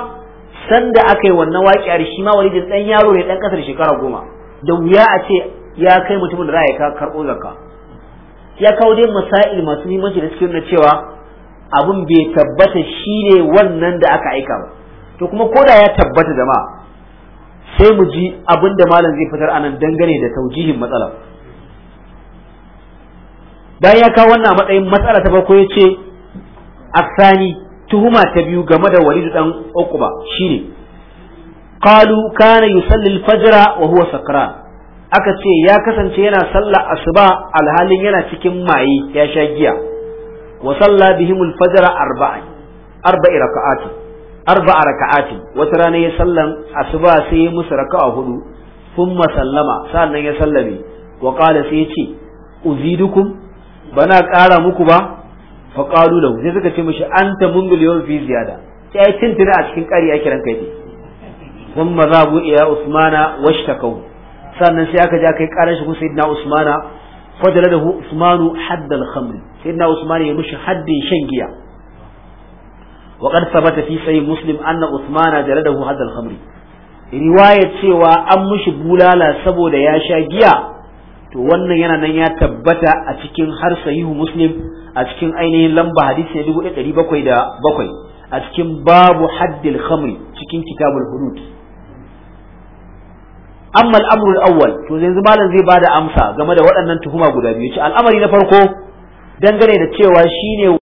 sanda aka yi wannan waƙiyar shi ma wani dan yaro ne dan kasar shekara goma da wuya a ce ya kai mutumin da za ka karɓo zakka ya kawo dai masail masu muhimmanci da suke nuna cewa abun bai tabbata shi ne wannan da aka aika ba to kuma ko da ya tabbata jama'a sai mu ji abin da malam zai fitar a nan dangane da taujihin matsalar bayan ya kawo wannan matsayin matsala ta farko ya ce asani tuhuma ta biyu game da walidu dan ukuba shine qalu kana yusalli al-fajr wa huwa sakran aka ce ya kasance yana sallah asuba alhalin yana cikin maye ya sha giya wa salla bihim al arba'i arba'i raka'ati arba'a raka'atin wata ranar ya sallan asuba sai ya musu raka'a hudu thumma sallama sannan ya sallame wa ya ce uzidukum bana ƙara muku ba fa qalu lahu sai suka ce mishi anta mundul yawm fi ziyada sai ai tintira a cikin ƙari ake ranka yake thumma zabu ila usmana washtakaw sannan sai aka ja kai ƙarar shi ku sayyidina usmana fadala da usmanu haddal khamr sayyidina usman ya mishi haddin shan giya wa qad sabata fi sahih muslim anna usmana jaradahu hadda al-khamr riwaya cewa an mushi bulala saboda ya sha giya to wannan yana nan ya tabbata a cikin har sahihu muslim a cikin ainihin lamba hadisi dubu ɗari bakwai da bakwai a cikin babu haddil khamri cikin kitabul hudud amma al'amru Auwal, to yanzu malam zai ba da amsa game da waɗannan tuhuma guda biyu ce al'amari na farko dangane da cewa shine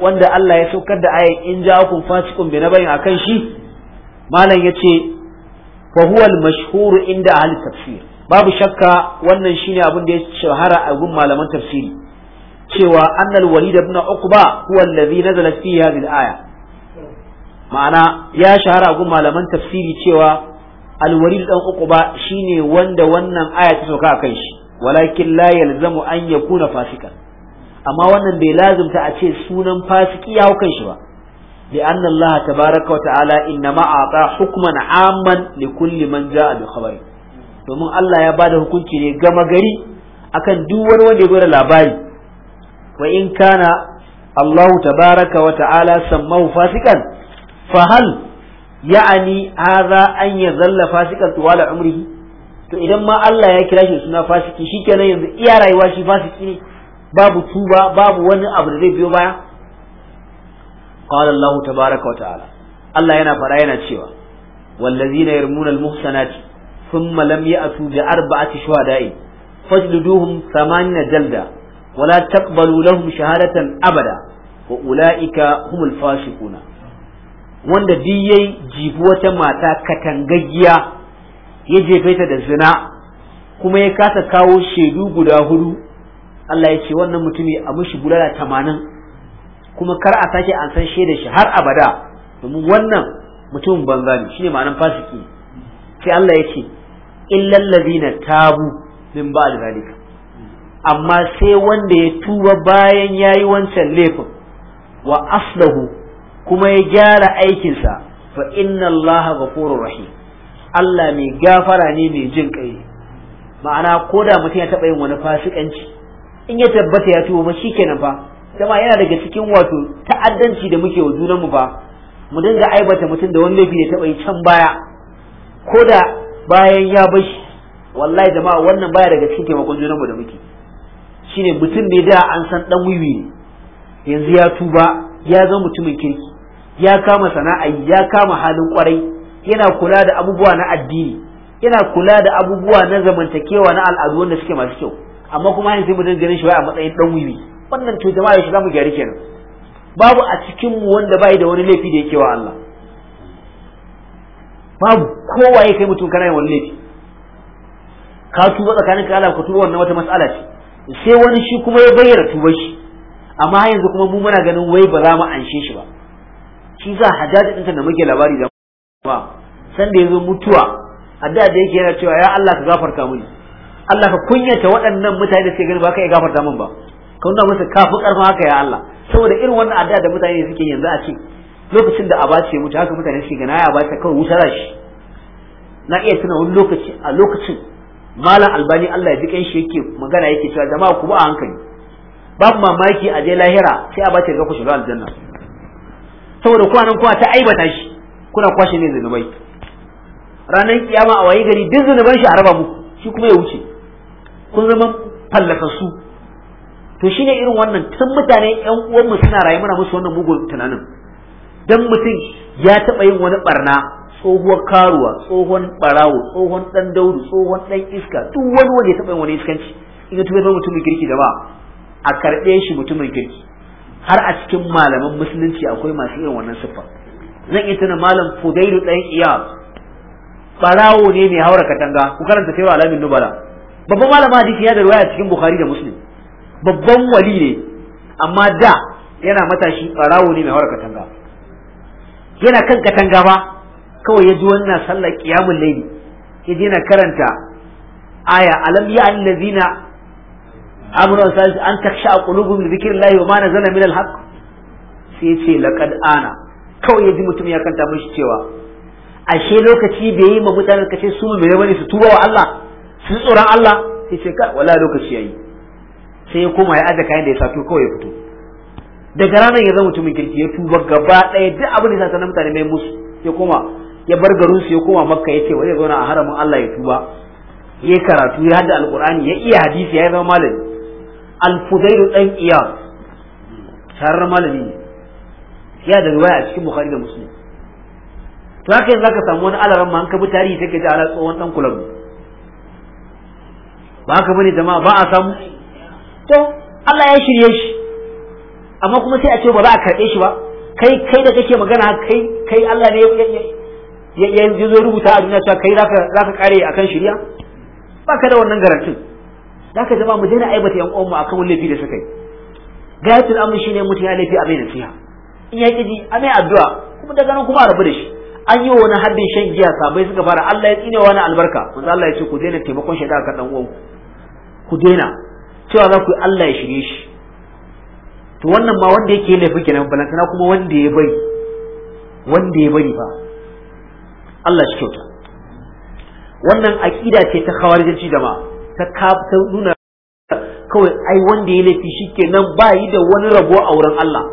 wanda Allah ya saukar da Aya in ja'akum fasikun bi nabayin akan shi malam yace fa huwa al-mashhur inda ahli tafsir babu shakka wannan shine abin da ya shahara a gun malaman tafsiri cewa annal walid ibn uqba huwa alladhi nazala fi hadhihi al-aya ma'ana ya shahara a gun malaman tafsiri cewa al-walid dan uqba shine wanda wannan aya ta sauka akan shi walakin la yalzamu an yakuna fasikan amma wannan bai lazimta a ce sunan fasiki ya hukan shi ba bi anna Allah tabaraka wa ta'ala inna ma ata hukman amman li kulli man jaa bi khabari domin Allah ya bada hukunci ne gama gari akan duk wani wanda ya zo labari wa in kana Allah tabaraka wa ta'ala sammahu fasikan fa hal ya'ani hadha an yazalla fasikan tuwala umrihi to idan ma Allah ya kira shi suna fasiki shikenan yanzu iya rayuwa shi fasiki ne babu tuba babu wani abu da zai biyo baya qala allah tabaaraka wa ta'ala allah yana fara yana cewa wallazina yarmuna almuhsanati thumma lam ya'tu bi arba'ati shuhada'i fajliduhum thamanina wala ولا تقبلوا لهم شهادة أبدا وأولئك هم الفاسقون wanda duk yayi jibi wata mata katangaggiya ya jefe ta da zina kuma ya kasa kawo shaidu guda hudu Allah ya ce wannan mutumi a mushi bulala tamanin kuma kar a sake an san shaidar shi har abada domin wannan mutumin banza ne shine ma'anar fasiki sai Allah ya ce illal ladina tabu min ba'd zalika amma sai wanda ya tuba bayan yayi wancan laifin wa aslahu kuma ya gyara aikinsa fa inna Allah ghafurur rahim Allah mai gafara ne mai jin kai ma'ana ko da mutum ya taɓa yin wani fasikanci in ya tabbata ya tuwo ba kenan fa jama'a yana daga cikin wato ta'addanci da muke wa junanmu fa mu dinga aibata mutum da wani laifi taɓa yi can baya ko da bayan ya bashi wallahi jama'a wannan baya daga cikin taimakon junanmu da muke shine mutum ne da an san dan wiwi ne yanzu ya tuba ya zama mutumin kirki ya kama sana'a ya kama halin kwarai yana kula da abubuwa na addini yana kula da abubuwa na zamantakewa na al'adu wanda suke masu kyau amma kuma yanzu mu dinga ganin shi wai a matsayin dan wiwi wannan to jama'a shi zamu gyara kenan babu a cikin mu wanda bai da wani laifi da yake wa Allah babu kowa ya kai mutum kana yin wani laifi ka tuba tsakanin ka Allah ka tuba wannan wata mas'ala ce sai wani shi kuma ya bayyana tuba shi amma har yanzu kuma mu muna ganin wai ba za mu anshe shi ba shi za hajjaji ɗinta da muke labari da ba san da zo mutuwa a da yake yana cewa ya Allah ka gafarta mini Allah ka kunyata waɗannan mutane da suke gani ba ka iya gafarta min ba ka nuna musu kafin karfin haka ya Allah saboda irin wannan addu'a da mutane suke yanzu a ce lokacin da abace mutu haka mutane suke gana ya ta kawai wuta za shi na iya tuna wani lokaci a lokacin malam albani Allah ya ji shi yake magana yake cewa jama'a ku ba a hankali babu mamaki a je lahira sai a bace ga ku shiga aljanna saboda kuwa nan kuwa ta aibata shi kuna kwashe ne zunubai ranar kiyama a waye gari duk zunuban shi a raba muku shi kuma ya wuce kun zama fallakassu to shine irin wannan tun mutane yan uwanmu suna rayu muna musu wannan mugun tunanin dan mutum ya taɓa yin wani barna tsohuwar karuwa tsohon barawo tsohon dan daudu tsohon dan iska duk wani wanda ya taɓa yin wani iskanci in ya tuba mutumin kirki da ba a karɓe shi mutumin kirki har a cikin malaman musulunci akwai masu irin wannan siffa zan iya tuna malam fudailu ɗan iya barawo ne mai haura katanga ku karanta sai alamin nubala babban malama hadisi ya da riwaya cikin bukhari da muslim babban wali ne amma da yana matashi barawo ne mai hawar katanga yana kan katanga ba kawai ya ji wannan sallar qiyamul layli ya yana karanta aya alam ya allazina amru salis an taksha qulubum li dhikrillahi wa ma nazala min alhaq sai ce laqad ana kawai ya ji mutum ya kanta mishi cewa ashe lokaci bai yi ma mutanen kace su mai bane su tuba wa Allah sun tsoron Allah sai ce ka wala lokaci yayi sai ya koma ya aje kayan da ya sato kawai ya fito daga ranar ya zama mutumin kirki ya tuba gaba ɗaya duk abin da ya sata mutane mai musu ya koma ya bar garin su ya koma makka ya ce wani ya zauna a haramin Allah ya tuba ya karatu ya hada alqur'ani ya iya hadisi ya zama malami al-fudayl dan iya sharar malami ya da riwaya a cikin bukhari da muslim to haka yanzu zaka samu wani alaran ma an ka bi tarihi take da ala tsohon dan kulabu ba haka bane jama'a ba a samu to Allah ya shirye shi amma kuma sai a ce ba za a karɓe shi ba kai kai da kake magana kai kai Allah ne ya ya zo rubuta a duniya cewa kai zaka zaka kare akan shirya Ba ka da wannan garantin zaka jama'a mu daina aibata yan uwanmu akan wani laifi da suka yi gayatul amr shine mutum ya laifi a bai nasiha in ya kiji a mai addu'a kuma daga nan kuma a rabu da shi an yi wani haddin shan giya sabai suka fara Allah ya tsine wani albarka manzo Allah ya ce ku daina taimakon shaida kan dan uwanku ku daina cewa za ku yi Allah ya shirye shi to wannan ma wanda yake laifi kenan balantana kuma wanda ya bari wanda ya bari ba Allah shi kyauta wannan aqida ce ta khawarijanci jama'a ta ka ta nuna kawai ai wanda ya laifi shikenan ba yi da wani rabo a wurin Allah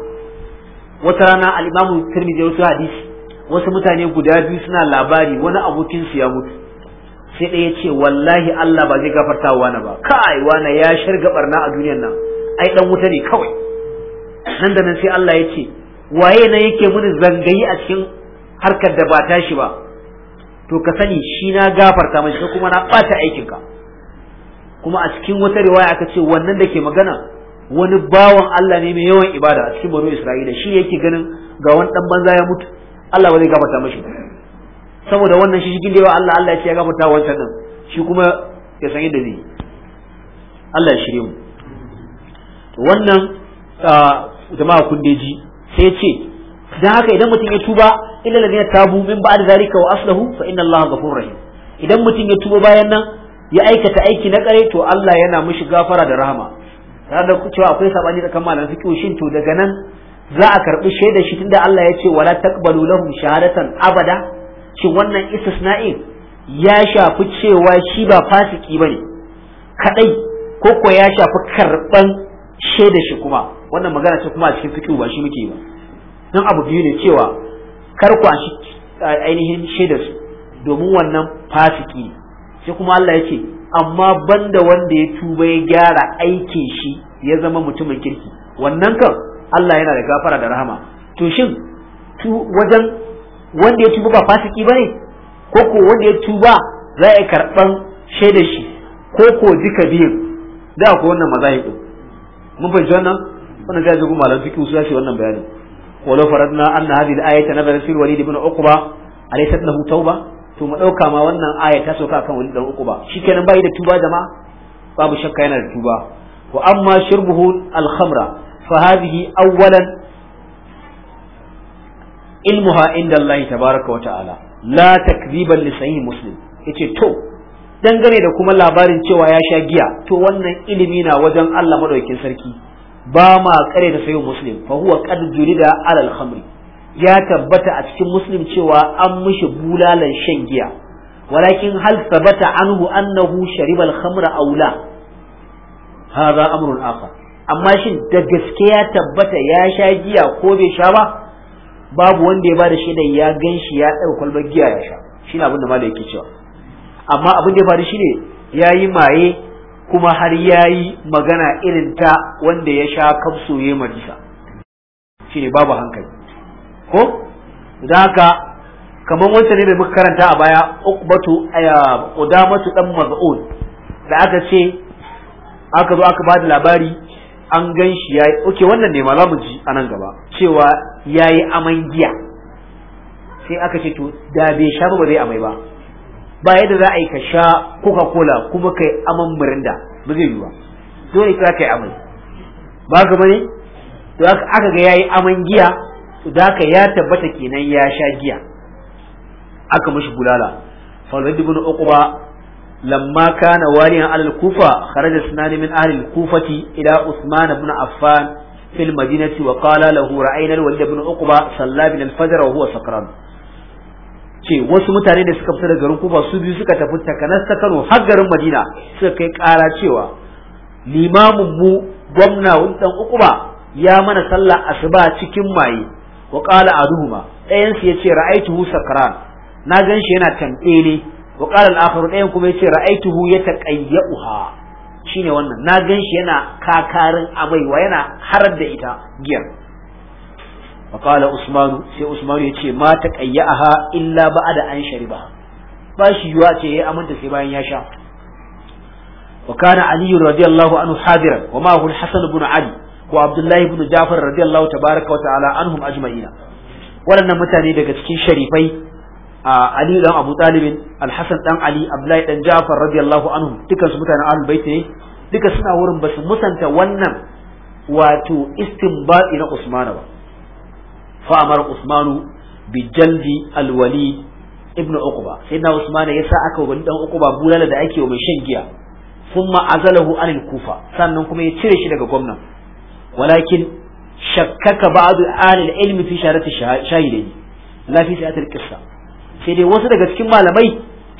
wata rana al-Imam Tirmidhi ya hadisi wasu mutane guda biyu suna labari wani abokin su ya mutu sai ɗaya ce wallahi Allah ba zai gafarta wa wani ba kai wani ya shirga barna a duniyar nan ai dan wuta ne kawai nan da nan sai Allah ya ce waye na yake mini zangayi a cikin harkar da ba tashi ba to ka sani shi na gafarta ko kuma na ɓata aikinka kuma a cikin wata riwaya aka ce wannan da ke magana wani bawan Allah ne mai yawan ibada a cikin banu Isra'ila shi yake ganin ga wani dan banza ya mutu Allah ba zai gafarta mashi saboda wannan shi shigin da yawa Allah Allah ya ce ya gafarta wancan din shi kuma ya san yadda zai Allah ya shirye mu wannan jama'a kun ji sai ce dan haka idan mutum ya tuba illa ladina tabu min ba'd zalika wa aslahu fa inna Allah ghafurur rahim idan mutum ya tuba bayan nan ya aikata aiki na kare to Allah yana mishi gafara da rahama tare da cewa akwai sabani tsakanin malaman fiqh shin to daga nan za a karbi shaidar shi tunda Allah ya ce wala taqbalu lahum shahadatan abada shin wannan istisna'in ya shafi cewa shi ba fasiki bane kadai ko ko ya shafi karban shaida shi kuma wannan magana ce kuma a cikin fiqh ba shi muke ba dan abu biyu ne cewa kar ku ainihin shaida su domin wannan fasiki sai kuma Allah ya ce amma banda wanda ya tuba ya gyara aikin shi ya zama mutumin kirki wannan kan Allah yana da gafara da rahama to shin wajen wanda ya tuba ba fasiki bane ko ko wanda ya tuba za a karban shaidar shi ko ko duka biyu da ko wannan mazahib din mun fahimci wannan wannan zai zugu malam fiqh su shi wannan bayani walau faradna anna hadhihi al-ayata nazalat fil walid ibn uqba alaysa lahu tauba to mu dauka ma wannan aya ta sauka kan walid ibn uqba shikenan bai da tuba jama'a babu shakka yana da tuba wa amma shurbuhu al-khamra fa hadhihi awwalan ilmuha inda Allah tabaraka wa ta'ala la takriban li yace to dangane da kuma labarin cewa ya sha giya to wannan ilimi na wajen Allah madaukakin sarki ba ma kare da sayo muslim fa huwa qad jurida alal khamri ya tabbata a cikin muslim cewa an mishi bulalan shan giya walakin hal sabata anhu annahu shariba al-khamra aw la hadha amrun akhar amma shin da gaske ya tabbata ya sha giya ko bai sha ba babu wanda ya bada shaidar ya gan shi ya ɗau kwalbar giya ya sha shi abin da malam yake cewa amma abin da ya faru shi ne ya yi maye kuma har ya yi magana irin ta wanda ya sha kafso ya majisa ne babu hankali ko da haka kamar wata ne da muka karanta a baya aya qudamatu dan maz'un da aka ce aka zo aka ba da labari an gan shi ya yi. oke wannan ne ma za mu ji a nan gaba cewa ya yi aman giya sai aka ce to da bai sha ba zai amai ba ba yadda za a yi ka sha coca cola kuma kai aman mirinda ba zai yi ba dole ka kai amai ba ka bane to aka ga ya yi aman giya to da ka ya tabbata kenan ya sha giya aka mashi bulala falwad ibn uqba لما كان واليا على الكوفة خرج اثنان من أهل الكوفة إلى عثمان بن عفان في المدينة وقال له رأينا الوليد بن عقبة صلى من الفجر وهو سكران ce wasu mutane da suka fita daga garin kufa su biyu suka tafi takanas ta Kano har garin Madina suka kai ƙara cewa limamin mu gwamna dan ukuba ya mana sallah asuba cikin maye wa qala aduhuma ɗayan su ce ra'aituhu sakran na gan shi yana ne. wa qala al-akhar ɗayan kuma yace ra'aituhu yataqayyuha shine wannan na gan shi yana kakarin abaiwa yana harar da ita giyar wa qala usmanu sai usmanu yace ma taqayyaha illa ba'da da shariba ba shi yuwa ce ya aminta sai bayan ya sha wa Aliyu ali radiyallahu anhu hadiran wa ma hu hasan ibn ali wa abdullahi ibn jafar radiyallahu tabaraka wa ta'ala anhum ajma'ina waɗannan mutane daga cikin sharifai Ali dan Abu Talib Al-Hasan dan Ali Abdullahi dan Ja'far radiyallahu anhu dukan su mutanen Ahlul Bait ne duka suna wurin basu musanta wannan wato istinbati na Usman ba fa Usmanu Usman alwali jaldi Ukuba walid sai na Usman ya sa aka wani dan Ukuba bulala da ake wa mai shan giya thumma azalahu anil Kufa sannan kuma ya cire shi daga gwamnan walakin shakkaka ba'd ahli al-ilm fi sharati shahidai la fi sa'atil qissa sai dai wasu daga cikin malamai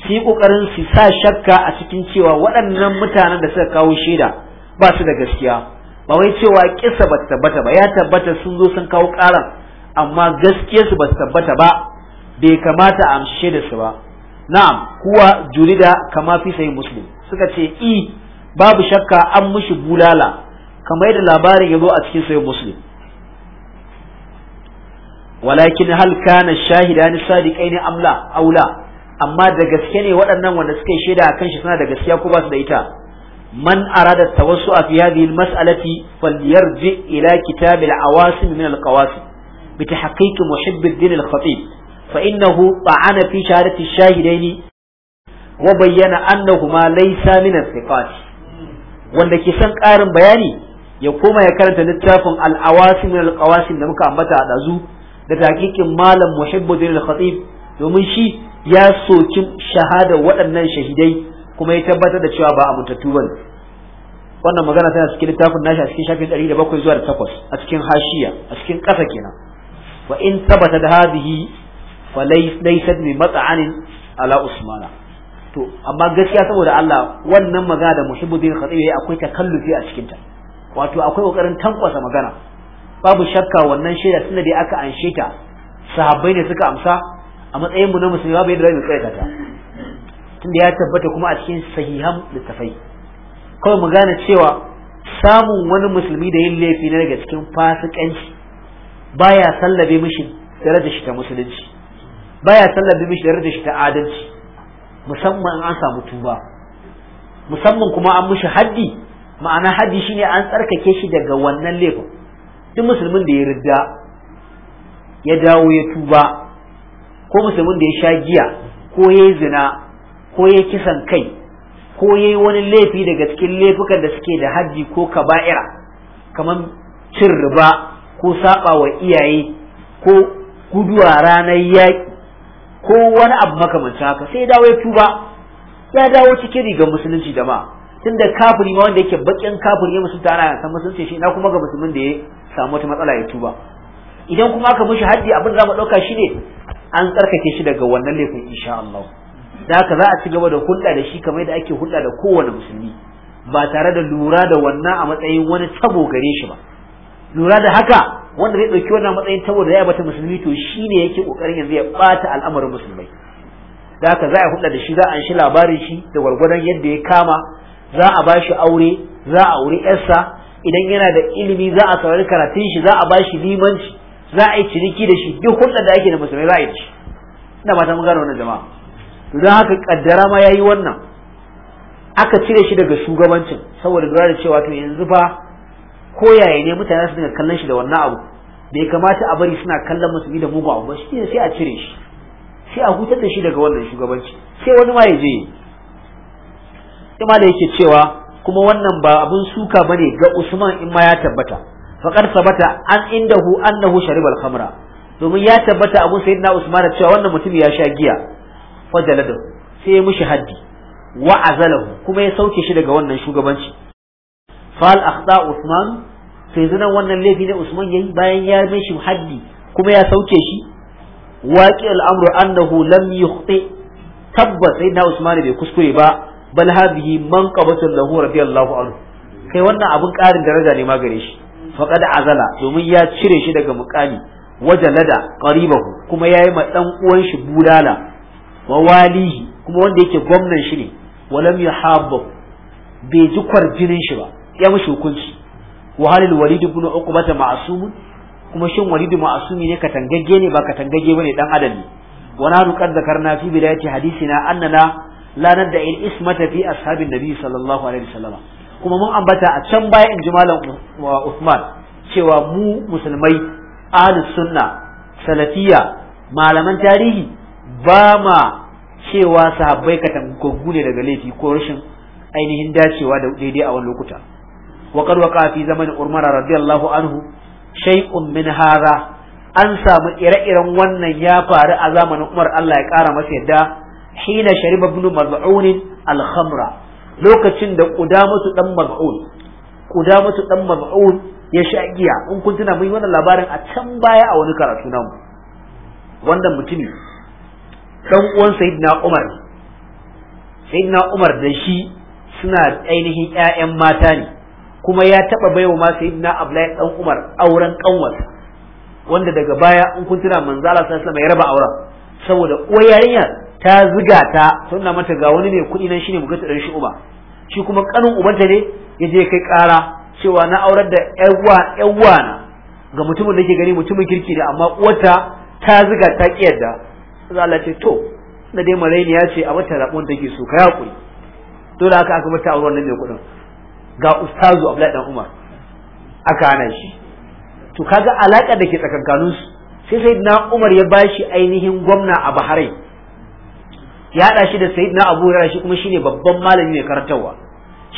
su yi kokarin su sa shakka a cikin cewa waɗannan mutanen da suka kawo shaida ba su da gaskiya ba wai cewa kisa ba tabbata ba ya tabbata sun zo sun kawo ƙaran amma su ba su tabbata ba bai kamata a amshe da su ba na'am kuwa jurida kama fi sai muslim suka ce i babu shakka an mushi bulala kamar yadda labarin ya zo a cikin sai muslim walakin hal kana shahidani sadiqaini amla aula amma da gaske ne waɗannan wanda suka yi shaida akan shi suna da gaskiya ko ba su da ita man arada tawassu'a fi hadhihi almas'alati falyarji ila kitab alawasim min alqawasim بتحقيق محب الدين الخطيب فإنه طعن في شهادة الشاهدين وبين أنهما ليس من الثقات wanda ke san ƙarin bayani ya koma ya karanta littafin al'awasim min al da muka ambata a dazu da takikin malam muhibbuddin al-khatib domin shi ya soki shahada waɗannan shahidai kuma ya tabbatar da cewa ba a mutattu bane wannan magana tana cikin littafin nashi a cikin shafin 107 zuwa 8 a cikin hashiya a cikin ƙasa kenan wa in tabata da hadhihi fa laysat bi mat'anin ala usmana to amma gaskiya saboda Allah wannan magana da muhibbuddin al-khatib yayi akwai takallufi a cikin ta wato akwai kokarin tankwasa magana babu shakka wannan shaida tunda dai aka anshe ta sahabbai ne suka amsa a matsayin mu na musulmi babu yadda zamu kaita ta tunda ya tabbata kuma a cikin sahihan littafai kawai mu gane cewa samun wani musulmi da yin laifi na daga cikin fasikanci baya sallabe mishi daraja shi ta musulunci baya sallabe mishi daraja shi ta adalci musamman an samu tuba musamman kuma an mishi haddi ma'ana haddi shine an tsarkake shi daga wannan laifin duk musulmin da ya ridda ya dawo ya tuba ko musulmin da ya sha giya ko ya zina ko ya kisan kai ko ya yi wani laifi daga cikin laifukan da suke da hajji ko kaba'ira kamar cin riba ko saba wa iyaye ko guduwa ranar yaƙi ko wani abu makamancin haka sai ya dawo ya tuba ya dawo cikin rigar musulunci da tun tunda kafiri ma wanda yake bakin kafiri ya musulta ana san musulunci shi na kuma ga musulmin da ya samu wata matsala ya tuba idan kuma aka mushi haddi abin za mu ɗauka shi ne an tsarkake shi daga wannan laifin insha Allah da haka za a ci gaba da hulɗa da shi kamar da ake hulɗa da kowane musulmi ba tare da lura da wannan a matsayin wani tabo gare shi ba lura da haka wanda zai ɗauki wannan matsayin tabo da ya bata musulmi to shi ne yake ƙoƙarin yanzu ya ɓata al'amarin musulmai da haka za a hulɗa da shi za a shi labarin shi da gwargwadon yadda ya kama za a ba shi aure za a aure yarsa idan yana da ilimi za a saurari karatun shi za a ba shi limanci za a yi ciniki da shi duk hulɗar da ake da musulmai za a yi ci ina ba ta mun gano wannan jama'a don haka kaddara ma yayi wannan aka cire shi daga shugabancin saboda lura da cewa to yanzu fa koyaye ne mutane su dinga kallon shi da wannan abu bai kamata a bari suna kallon musulmi da mugu abu ba shi ne sai a cire shi sai a hutar da shi daga wannan shugabanci sai wani ma ya je sai da yake cewa kuma wannan ba abun suka bane ga Usman in ma ya tabbata faqad sabata an indahu annahu shariba al-khamra domin ya tabbata abun sayyidina Usman cewa wannan mutum ya sha giya fajaladu sai ya mushi haddi wa azalahu kuma ya sauke shi daga wannan shugabanci fal akhta Usman sai zan wannan laifi ne Usman yayi bayan ya mishi haddi kuma ya sauke shi waqi al-amru annahu lam yukhti tabbas sayyidina Usman bai kuskure ba bal hadhihi manqabatun lahu radiyallahu anhu kai wannan abin ƙarin daraja ne ma gare shi faqad azala domin ya cire shi daga muƙami wajalada qaribahu kuma yayi ma dan uwan shi bulala wa walihi kuma wanda yake gwamnan shi ne walam yahabbu bai ji kwarjinin shi ba ya mishi hukunci wa halil walid ibn uqbata ma'sum kuma shin walid ma'sumi ne katangagge ne ba katangagge bane dan adam ne wa na ruqad zakarna fi bidayati hadisina annana lanar da in mata fi ashabin nabi sallallahu alaihi wasallama kuma mun ambata a can baya in ji malam Uthman cewa mu musulmai ahlus sunna salafiya malaman tarihi ba ma cewa sahabbai tangogu ne daga laifi ko rashin ainihin dacewa da daidai a wani lokuta wa waƙa waqa fi zaman umar radiyallahu anhu shay'un min hara, an samu ire-iren wannan ya faru a zamanin umar Allah ya ƙara masa yadda hina shariba ibn maz'un al-khamra lokacin da qudamatu dan maz'un qudamatu dan maz'un ya sha giya in kun tuna mun wannan labarin a can baya a wani karatu namu wannan mutumi dan uwan sayyidina Umar sayyidina Umar da shi suna ainihin ƴaƴan mata ne kuma ya taba baiwa ma sayyidina Abdullahi dan Umar auren kanwarsa wanda daga baya in kun tuna manzala sallallahu alaihi wasallam ya raba auren saboda uwar yarinya ta ziga ta sunna mata ga wani mai kuɗi nan shine bukata dan shi uba shi kuma kanin ubanta ne ya je kai ƙara cewa na aurar da ƴan uwa na ga mutumin da ke gani mutumin kirki da amma uwarta ta ziga ta ki za Allah ce to na dai maraini ya ce a mata rabon take so ka yakuri dole da aka mata auren nan mai kuɗin ga ustazu Abdullahi dan Umar aka hana shi to kaga alaka da ke su sai sai na Umar ya bashi ainihin gwamna a Bahrain ya hada shi da na abu hurairah shi kuma shine babban malami mai karantarwa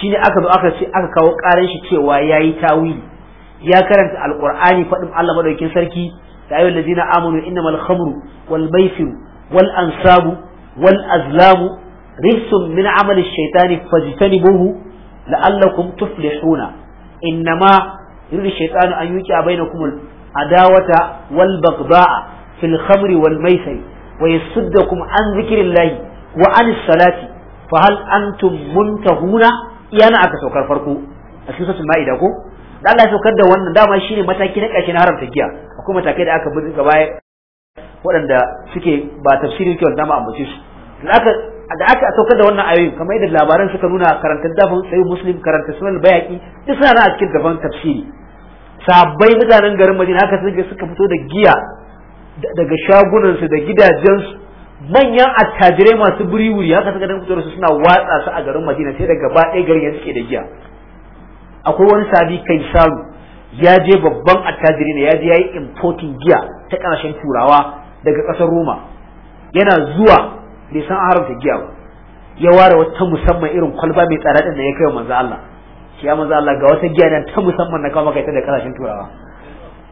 shine aka zo aka ce aka kawo karan shi cewa ya yi tawili ya karanta alƙur'ani faɗin Allah maɗaukin sarki da ayyul ladina amanu innamal khamru wal maisir wal ansabu wal azlamu rijsun min amali shaytani fajtanibuhu la'allakum tuflihuna innama yuridu shaytanu an yuqi'a bainakum adawata wal baghdha'a fil khamri wal maisir wa kuma an zikrillahi wa an salati fa hal antum muntahuna yana aka saukar farko a cikin suratul da Allah ya saukar da wannan dama shine mataki na ƙarshe na haramta giya akwai matakai da aka bi gaba waɗanda suke ba tafsiri kyau da ma ambace su da aka saukar da wannan ayoyin kamar yadda labaran suka nuna karanta dafin sayi muslim karanta sunan bayaki duk a cikin gaban tafsiri sabbai mutanen garin madina haka suka fito da giya daga shagunansu da gidajensu manyan attajirai masu buri wuri haka suka dan fito su suna watsa su a garin Madina sai da gaba ɗaya garin yanzu ke da giya akwai wani sabi kai salu ya je babban attajiri ne ya je yayi importing giya ta ƙarshen turawa daga ƙasar Roma yana zuwa bai san an haramta giya ba ya ware wata musamman irin kwalba mai tsara din da ya kai manzo Allah shi ya manzo Allah ga wata giya nan ta musamman na kawo maka ita da ƙasashen turawa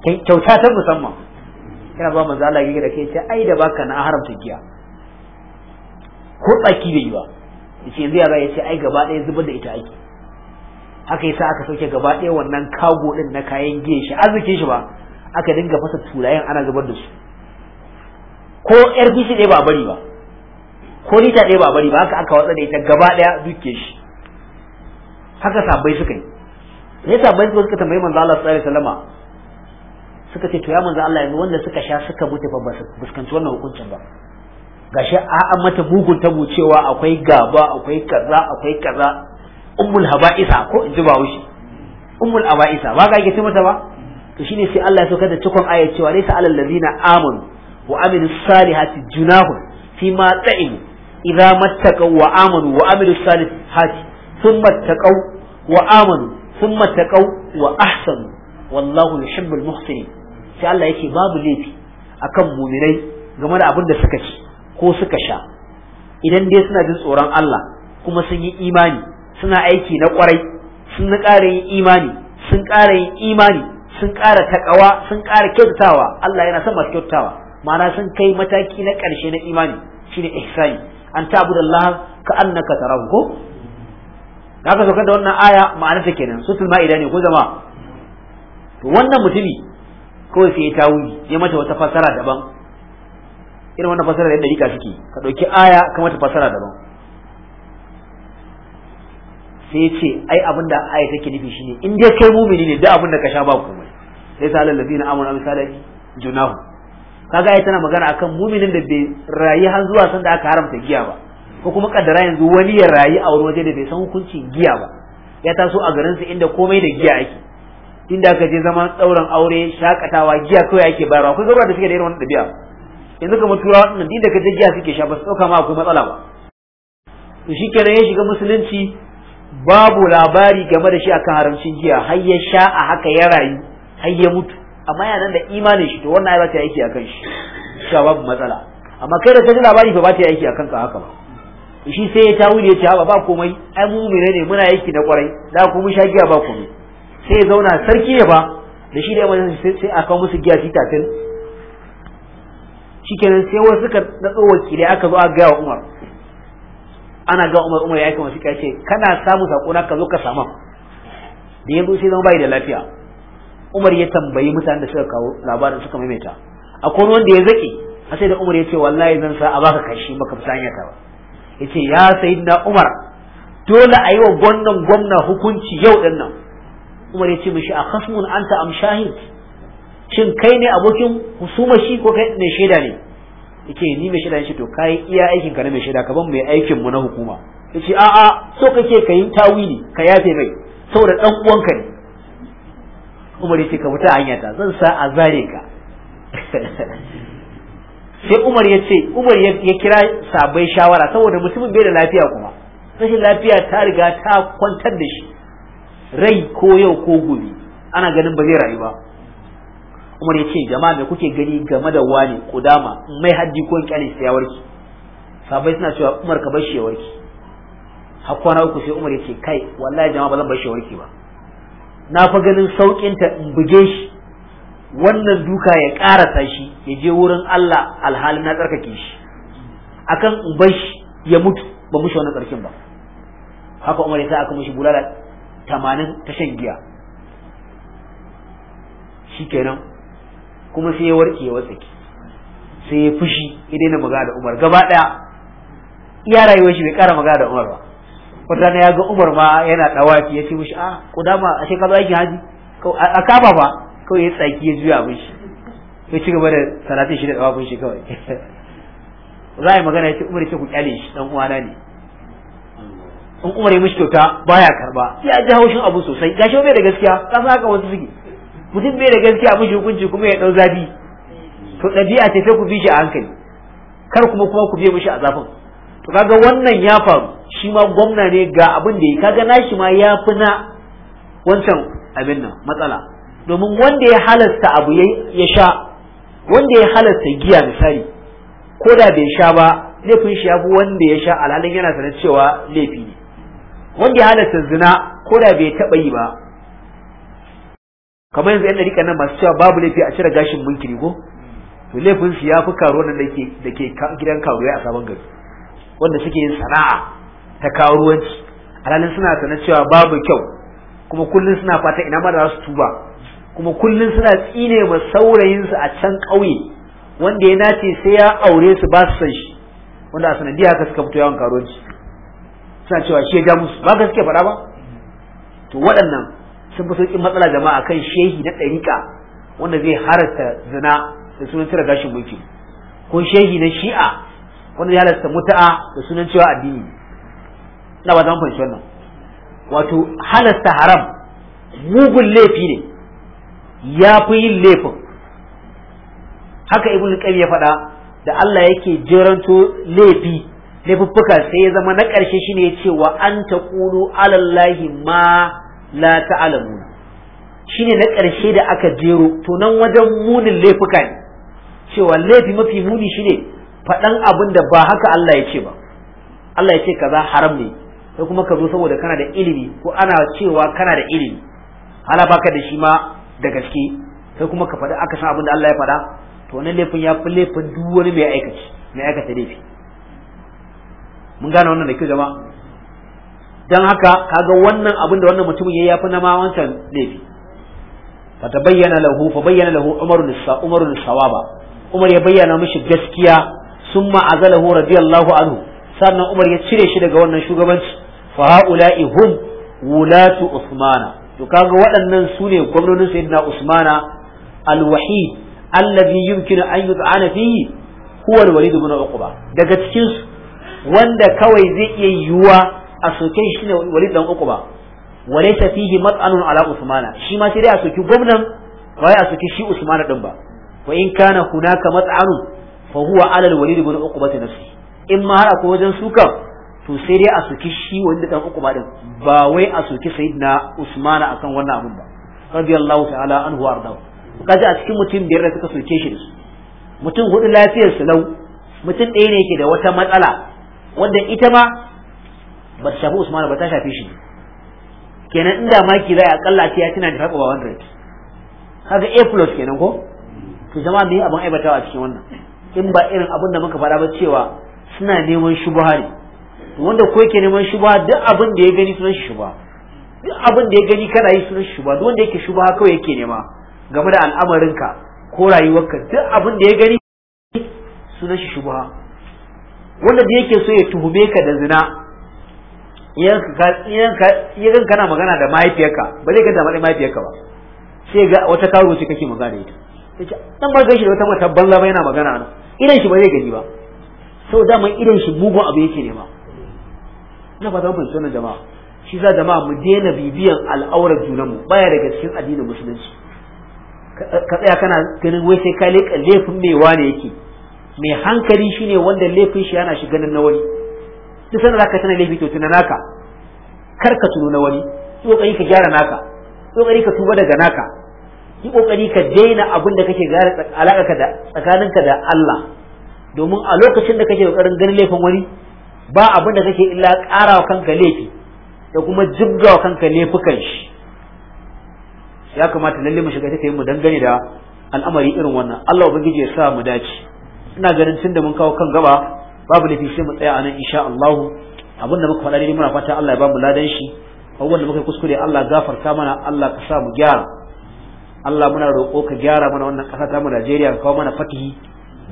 kyauta ta musamman yana ba manzo Allah ya da kai ce ai da baka na haramta giya ko tsaki bai yi ba yace zai ya yace ai gaba ɗaya zubar da ita ake haka yasa aka sauke gaba ɗaya wannan kago din na kayan giya shi arzikin shi ba aka dinga fasa turayen ana zubar da su ko yar fishi ɗaya ba bari ba ko lita ɗaya ba bari ba haka aka watsa da ita gaba ɗaya duke shi haka sabai suka yi ne sabai suka tambayi manzo Allah sallallahu alaihi wasallama suka ce to ya manzo Allah yanzu wanda suka sha suka mutu fa ba su fuskanci wannan hukuncin ba gashi a an mata mugun tabo cewa akwai gaba akwai kaza akwai kaza ummul haba'isa ko in ji bawushi ummul haba'isa ba ga yake mata ba to shine sai Allah ya saukar da cikon ayat cewa laysa alal ladina amanu wa amilu salihati junahun fi ma ta'imu idza mattaqaw wa amanu wa amilu salihati thumma taqaw wa amanu thumma taqaw wa ahsanu wallahu yuhibbul muhsinin sai Allah yake babu laifi akan muminai game da abin da suka ci ko suka sha idan dai suna jin tsoron Allah kuma sun yi imani suna aiki na kwarai sun ƙara yin imani sun ƙara yin imani sun ƙara takawa sun ƙara kyautatawa Allah yana son masu kyautatawa ma'ana sun kai mataki na ƙarshe na imani shine ihsani an Allah ka annaka tarahu ko ka saukar da wannan aya ma'anarta kenan sutul ma'ida ne ko zama to wannan mutumi kawai sai ya tawuyi ya mata wata fasara daban irin wannan fasara da yadda rika suke ka ɗauki aya ka mata fasara daban sai ce ai abin da aya take nufi shine in dai kai mumini ne da abin da ka sha ba komai sai sa alal ladina amanu misali junahu kaga ai tana magana akan muminin da bai rayu har zuwa sanda aka haramta giya ba ko kuma kaddara yanzu wani ya rayu a wani waje da bai san hukuncin giya ba ya taso a garin sa inda komai da giya ake inda ka je zaman tsauran aure shakatawa giya kawai ake bayarwa akwai garuruwa da suke da irin wannan ɗabi'a yanzu kamar turawa ɗin inda ka je giya suke sha ba su ɗauka ma akwai matsala ba to shi kenan ya shiga musulunci babu labari game da shi akan haramcin giya har ya sha a haka ya rayu har ya mutu amma yana da imanin shi to wannan ba ta aiki akan shi sha babu matsala amma kai da ka ji labari ba ba ta aiki akan ka haka ba shi sai ya tawuri ya ce ba komai ai mu ne muna aiki na kwarai da kuma sha giya ba komai sai ya zauna sarki ya ba da shi da yamma sai a kawo musu giya titatin kenan sai wasu suka natso wakilai aka zo a gaya wa umar ana ga umar umar ya aika masu ya kana samu sako na ka zo ka samu da yanzu sai zama bai da lafiya umar ya tambayi mutanen da suka kawo labarin suka maimaita akwai wanda ya zaki a sai da umar ya ce wallahi zan sa a baka kashi baka fita ta ba ya ce ya sayi na umar dole a yi wa gwamnan gwamna hukunci yau din nan umar ya ce mishi a khasmun anta am shahid shin kai ne abokin husuma shi ko kai ne shaida ne yake ni mai shaida shi to kai iya aikin ka na mai shaida ka ban mai aikin mu na hukuma yace a a so kake ka yi tawili ka yafe mai saboda dan uwanka ne umar ce ka wuta hanya ta zan sa a zare ka <laughs> sai umar ya ce umar ya kira sabai shawara saboda mutumin bai da lafiya kuma rashin lafiya ta riga ta kwantar da shi rai ko yau ko gobe ana ganin ba zai rayu ba umar ya ce jama'a me kuke gani game da wani kudama mai haddi ko in kyale ya warke sabai suna cewa umar ka bar shi ya warke har kwana uku sai umar ya ce kai wallahi jama'a ba zan bar shi ya warke ba na fa ganin saukin ta in buge shi wannan duka ya karasa shi ya je wurin Allah alhali na tsarkake shi akan in bar ya mutu ba mushi wannan tsarkin ba haka umar ya sa aka mushi bulala tamanin ta shan giya shi kenan kuma sai ya warke ya tsaki sai ya fushi ya daina magana da Umar gaba daya iya rayuwar shi bai kara magana da Umar ba wata ya ga Umar ma yana dawaki ya ce mishi a ah, kudama a shekaru aikin haji a kafa fa kawai ya tsaki ya juya mishi ya ci gaba da salatin shi da dawafin shi kawai <laughs> za a yi magana ya ce Umar ya ce ku kyale shi dan uwana ne in umar ya mishi kyauta baya karba ya ji haushin abu sosai gashi bai da gaskiya ka san haka wasu suke mutum bai da gaskiya mishi hukunci kuma ya dau zabi to dabi'a ce sai ku bi shi a hankali kar kuma kuma ku biye mishi a zafin to kaga wannan ya faru shi ma gwamna ne ga abin da ya kaga nashi ma ya fi na wancan abin nan matsala domin wanda ya halasta abu ya sha wanda ya halasta giya misali ko da bai sha ba laifin shi ya fi wanda ya sha alhalin yana sanar cewa laifi ne wanda ya halatta zina ko da bai taɓa yi ba kamar yanzu yan dariƙa nan masu cewa babu laifi a cire gashin munkiri ko to laifin su ya fi karo nan da ke gidan karo a sabon gari wanda suke yin sana'a ta karuwanci alhalin suna sanar cewa babu kyau kuma kullum suna fata ina ma da su tuba kuma kullum suna tsine ma saurayinsu a can ƙauye wanda ya nace sai ya aure su ba su san shi wanda a sanadiyar haka suka fito yawan karuwanci suna cewa shi ya musu ba gaske faɗa ba to waɗannan sun fi sauƙin matsala jama'a kan shehi na ɗariƙa wanda zai harasta zina da sunan cire gashin mulki ko shehi na shi'a wanda zai halarta muta'a da sunan cewa addini ina ba zama fahimci wannan wato halasta haram mugun laifi ne ya fi yin laifin haka ibn qayyim ya faɗa da Allah yake jeranto laifi laifuffuka sai ya zama na ƙarshe shine ne ce an ta ƙulu alallahi ma la shi shine na ƙarshe da aka jero to nan wajen munin laifuka ne cewa laifi mafi muni shine faɗan abin da ba haka Allah ya ce ba Allah ya ce kaza haram ne sai kuma ka zo saboda kana da ilimi ko ana cewa kana da ilimi hala baka da shi ma da gaske sai kuma ka faɗi aka san abin da Allah ya faɗa to wannan laifin ya fi laifin duk wani mai aikaci mai aikata laifi mun gane wannan da kyau jama'a dan haka kaga wannan abin da wannan mutumin ya yafi na ma wancan laifi fa tabayyana lahu fa bayyana lahu umaru lissa umaru sawaba umar ya bayyana mishi gaskiya summa azalahu radiyallahu anhu sannan umar ya cire shi daga wannan shugabanci fa haula'i hum wulatu usmana to kaga waɗannan su ne gwamnonin sayyidina usmana alwahid alladhi yumkinu an yut'ana fihi huwa alwalid ibn uqba daga cikin su wanda kawai zai iya yiwuwa a soke shi ne wali dan uku ba walaysa fihi mat'anun ala usmana shi ma sai dai a soki gwamnan ba a soki shi usmana din ba wa in kana hunaka mat'anun fa huwa ala al-walid ibn uqba nafsi in ma har akwai wajen su kan, to sai dai a soki shi wanda dan ba din ba wai a soki sayyidina usmana akan wannan abun ba radiyallahu ta'ala anhu arda. kaji a cikin mutum biyar da suka soke shi mutum hudu lafiyar su lau mutum ɗaya ne yake da wata matsala wanda ita ma ba ta shafi Usman ba ta shafi shi kenan inda maki za a akalla ce ya tana da faɗa ba 100 kaga A plus kenan ko to jama'a me abin aibatawa a cikin wannan in ba irin abin da muka faɗa ba cewa suna neman shubha ne wanda ko yake neman shubha duk abin da ya gani sunan shubha duk abin da ya gani kana yi sunan shubha duk wanda yake shubha kawai yake nema game da al'amarinka ko rayuwarka duk abin da ya gani sunan shi shubha wanda da yake so ya tuhume ka da zina ya gan kana magana da mahaifiyarka ba zai ganta matsayin mahaifiyarka ba sai ga wata karo ce kake magana ita yace dan ba gashi da wata mata banza ba yana magana ana idan shi ba zai gani ba saboda dama idan shi mugun abu yake nema na ba zan sunan jama'a shi za jama'a mu daina bibiyan al'aurar junanmu baya daga cikin addinin musulunci ka tsaya kana ganin wai sai ka leƙa laifin mewa ne yake mai hankali shine wanda laifin shi yana shi ganin na wani duk sanar zaka tana laifi to tuna naka kar ka tuno na wani kokari ka gyara naka kokari ka tuba daga naka yi kokari ka daina abin da kake gyara alaka da tsakaninka da Allah domin a lokacin da kake kokarin ganin laifin wani ba abin da kake illa ƙara wa kanka laifi da kuma jibga wa kanka laifukan shi ya kamata lalle mu shiga take mu dangane da al'amari irin wannan Allah ubangiji ya sa mu dace ina ganin tunda mun kawo kan gaba babu da sai mu tsaya anan insha Allah abin da muka faɗa ne muna fata Allah ya bamu mu ladan shi abubuwan da muka kuskure Allah gafarta mana Allah ka sa mu gyara Allah muna roƙo ka gyara mana wannan ƙasa ta mu ka kawo mana fatihi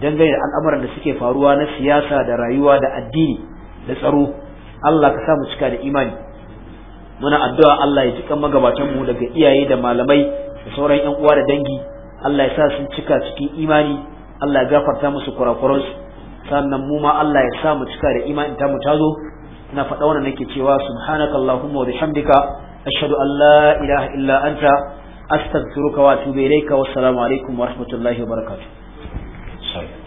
dangane da al'amuran da suke faruwa na siyasa da rayuwa da addini da tsaro Allah ka sa mu cika da imani muna addu'a Allah ya jikan magabatan mu daga iyaye da malamai da sauran 'yan uwa da dangi Allah ya sa sun cika cikin imani Allah ya gafarta musu kurakuransu sannan mu ma Allah ya sa mu cika da imanin ta mu tazo na faɗa wannan nake cewa subhanakallahumma wa bihamdika ashhadu an la ilaha illa anta astaghfiruka wa atubu ilayka wassalamu alaikum wa rahmatullahi wa barakatuh